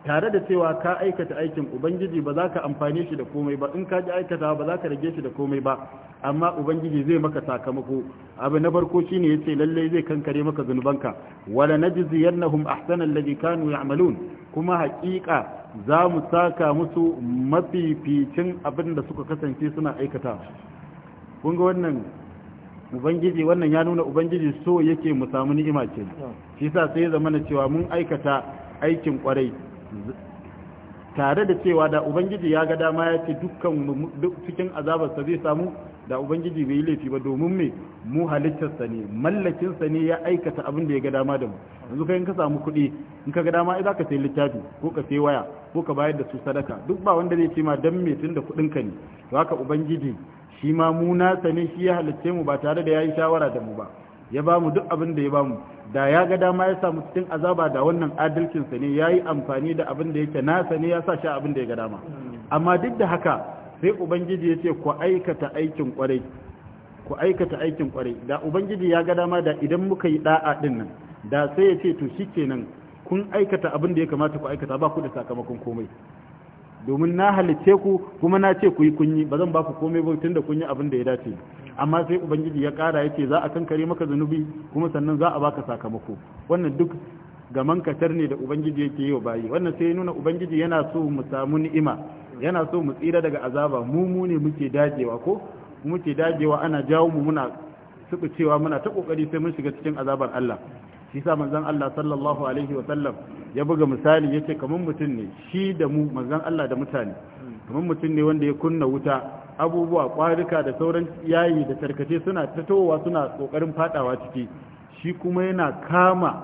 tare da cewa ka aikata aikin ubangiji ba za ka amfane shi da komai ba in ka ji aikata ba za ka rage shi da komai ba amma ubangiji zai maka sakamako abu na farko shine yace lalle zai kankare maka zunubanka wala najziyannahum ahsana alladhi kanu ya'malun kuma haƙiƙa za mu saka musu mafificin abin da suka kasance suna aikata kun ga wannan ubangiji wannan ya nuna ubangiji so yake mu samu ni'ima ce shi yasa sai ya zama cewa mun aikata aikin kwarai tare da cewa da ubangiji ya ga dama ya ce dukkan cikin azabarsa zai samu da ubangiji bai yi laifi ba domin me mu halittarsa ne mallakinsa ne ya aikata abin da ya ga dama da mu yanzu kai in ka samu kuɗi in ka ga dama ai ka sayi littafi ko ka sayi waya ko ka bayar da su sadaka duk ba wanda zai ce ma dan me tunda kuɗin ka ne to haka ubangiji shi ma mu na ne shi ya halicce mu ba tare da ya yi shawara da mu ba ya ba mu duk abin da ya ba mu. da ya ga dama ya samu cikin azaba da wannan adalcinsa ne ya yi amfani da abin da yake nasa ne ya sa shi abin da ya ga dama amma duk da haka sai ubangiji ya ce ku aikata aikin kwarai da ubangiji ya ga dama da idan muka yi da'a din nan da sai ya ce to shikenan kun aikata abin da ya kamata ku aikata ba ku da sakamakon komai domin na halicce ku kuma na ce ku yi kunyi ba zan ba ku komai ba tunda kun yi abin da ya dace amma sai ubangiji ya kara yace za a kankare maka zanubi kuma sannan za a baka sakamako wannan duk gaman katar ne da ubangiji yake yi wa bayi wannan sai nuna ubangiji yana so mu samu ni'ima yana so mu tsira daga azaba mu mu ne muke dajewa ko muke dajewa ana jawo mu muna suku cewa muna ta kokari sai mun shiga cikin azabar Allah shi sa manzan Allah sallallahu alaihi wasallam ya buga misali ya kamar mutum ne shi da mu manzan Allah da mutane kamar mutum ne wanda ya kunna wuta abubuwa kwarika da sauran yayi da tarkace suna tatowa suna kokarin fadawa ciki shi kuma yana kama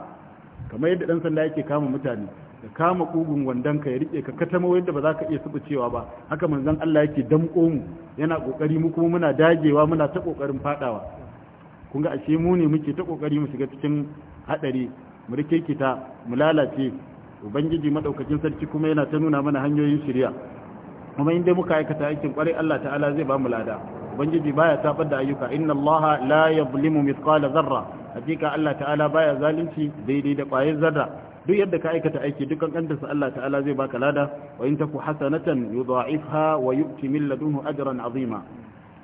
kamar yadda dan sanda yake kama mutane da kama kugun wandon ka ya rike ka katama yadda ba za ka iya cewa ba haka manzan Allah yake damƙo mu yana kokari mu kuma muna dagewa muna ta kokarin fadawa kun ga ashe mu ne muke ta kokari mu shiga cikin hadari mu rikirkita mu lalace ubangiji madaukakin sarki kuma yana ta nuna mana hanyoyin shirya kuma inda muka aikata aikin kwarai Allah ta'ala zai ba mu lada ubangiji baya tabar da ayyuka inna Allah la yuzlimu mithqala zarra hakika Allah ta'ala baya zalunci daidai da kwayar zarra duk yadda ka aikata aiki dukkan kantarsa Allah ta'ala zai baka lada wa in taku hasanatan yudha'ifha wa yu'ti min ladunhu ajran azima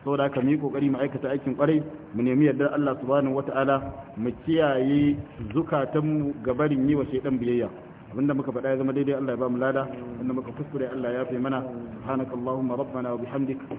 saboda haka mu kokari mu aikata aikin kwarai mu nemi yardar Allah subhanahu wataala mu kiyaye zukatanmu barin yi wa ɗan biyayya abinda muka faɗa ya zama daidai Allah ya ba mu lada wanda muka kuskure Allah ya fi mana subhanakallahumma rabbana wa bihamdik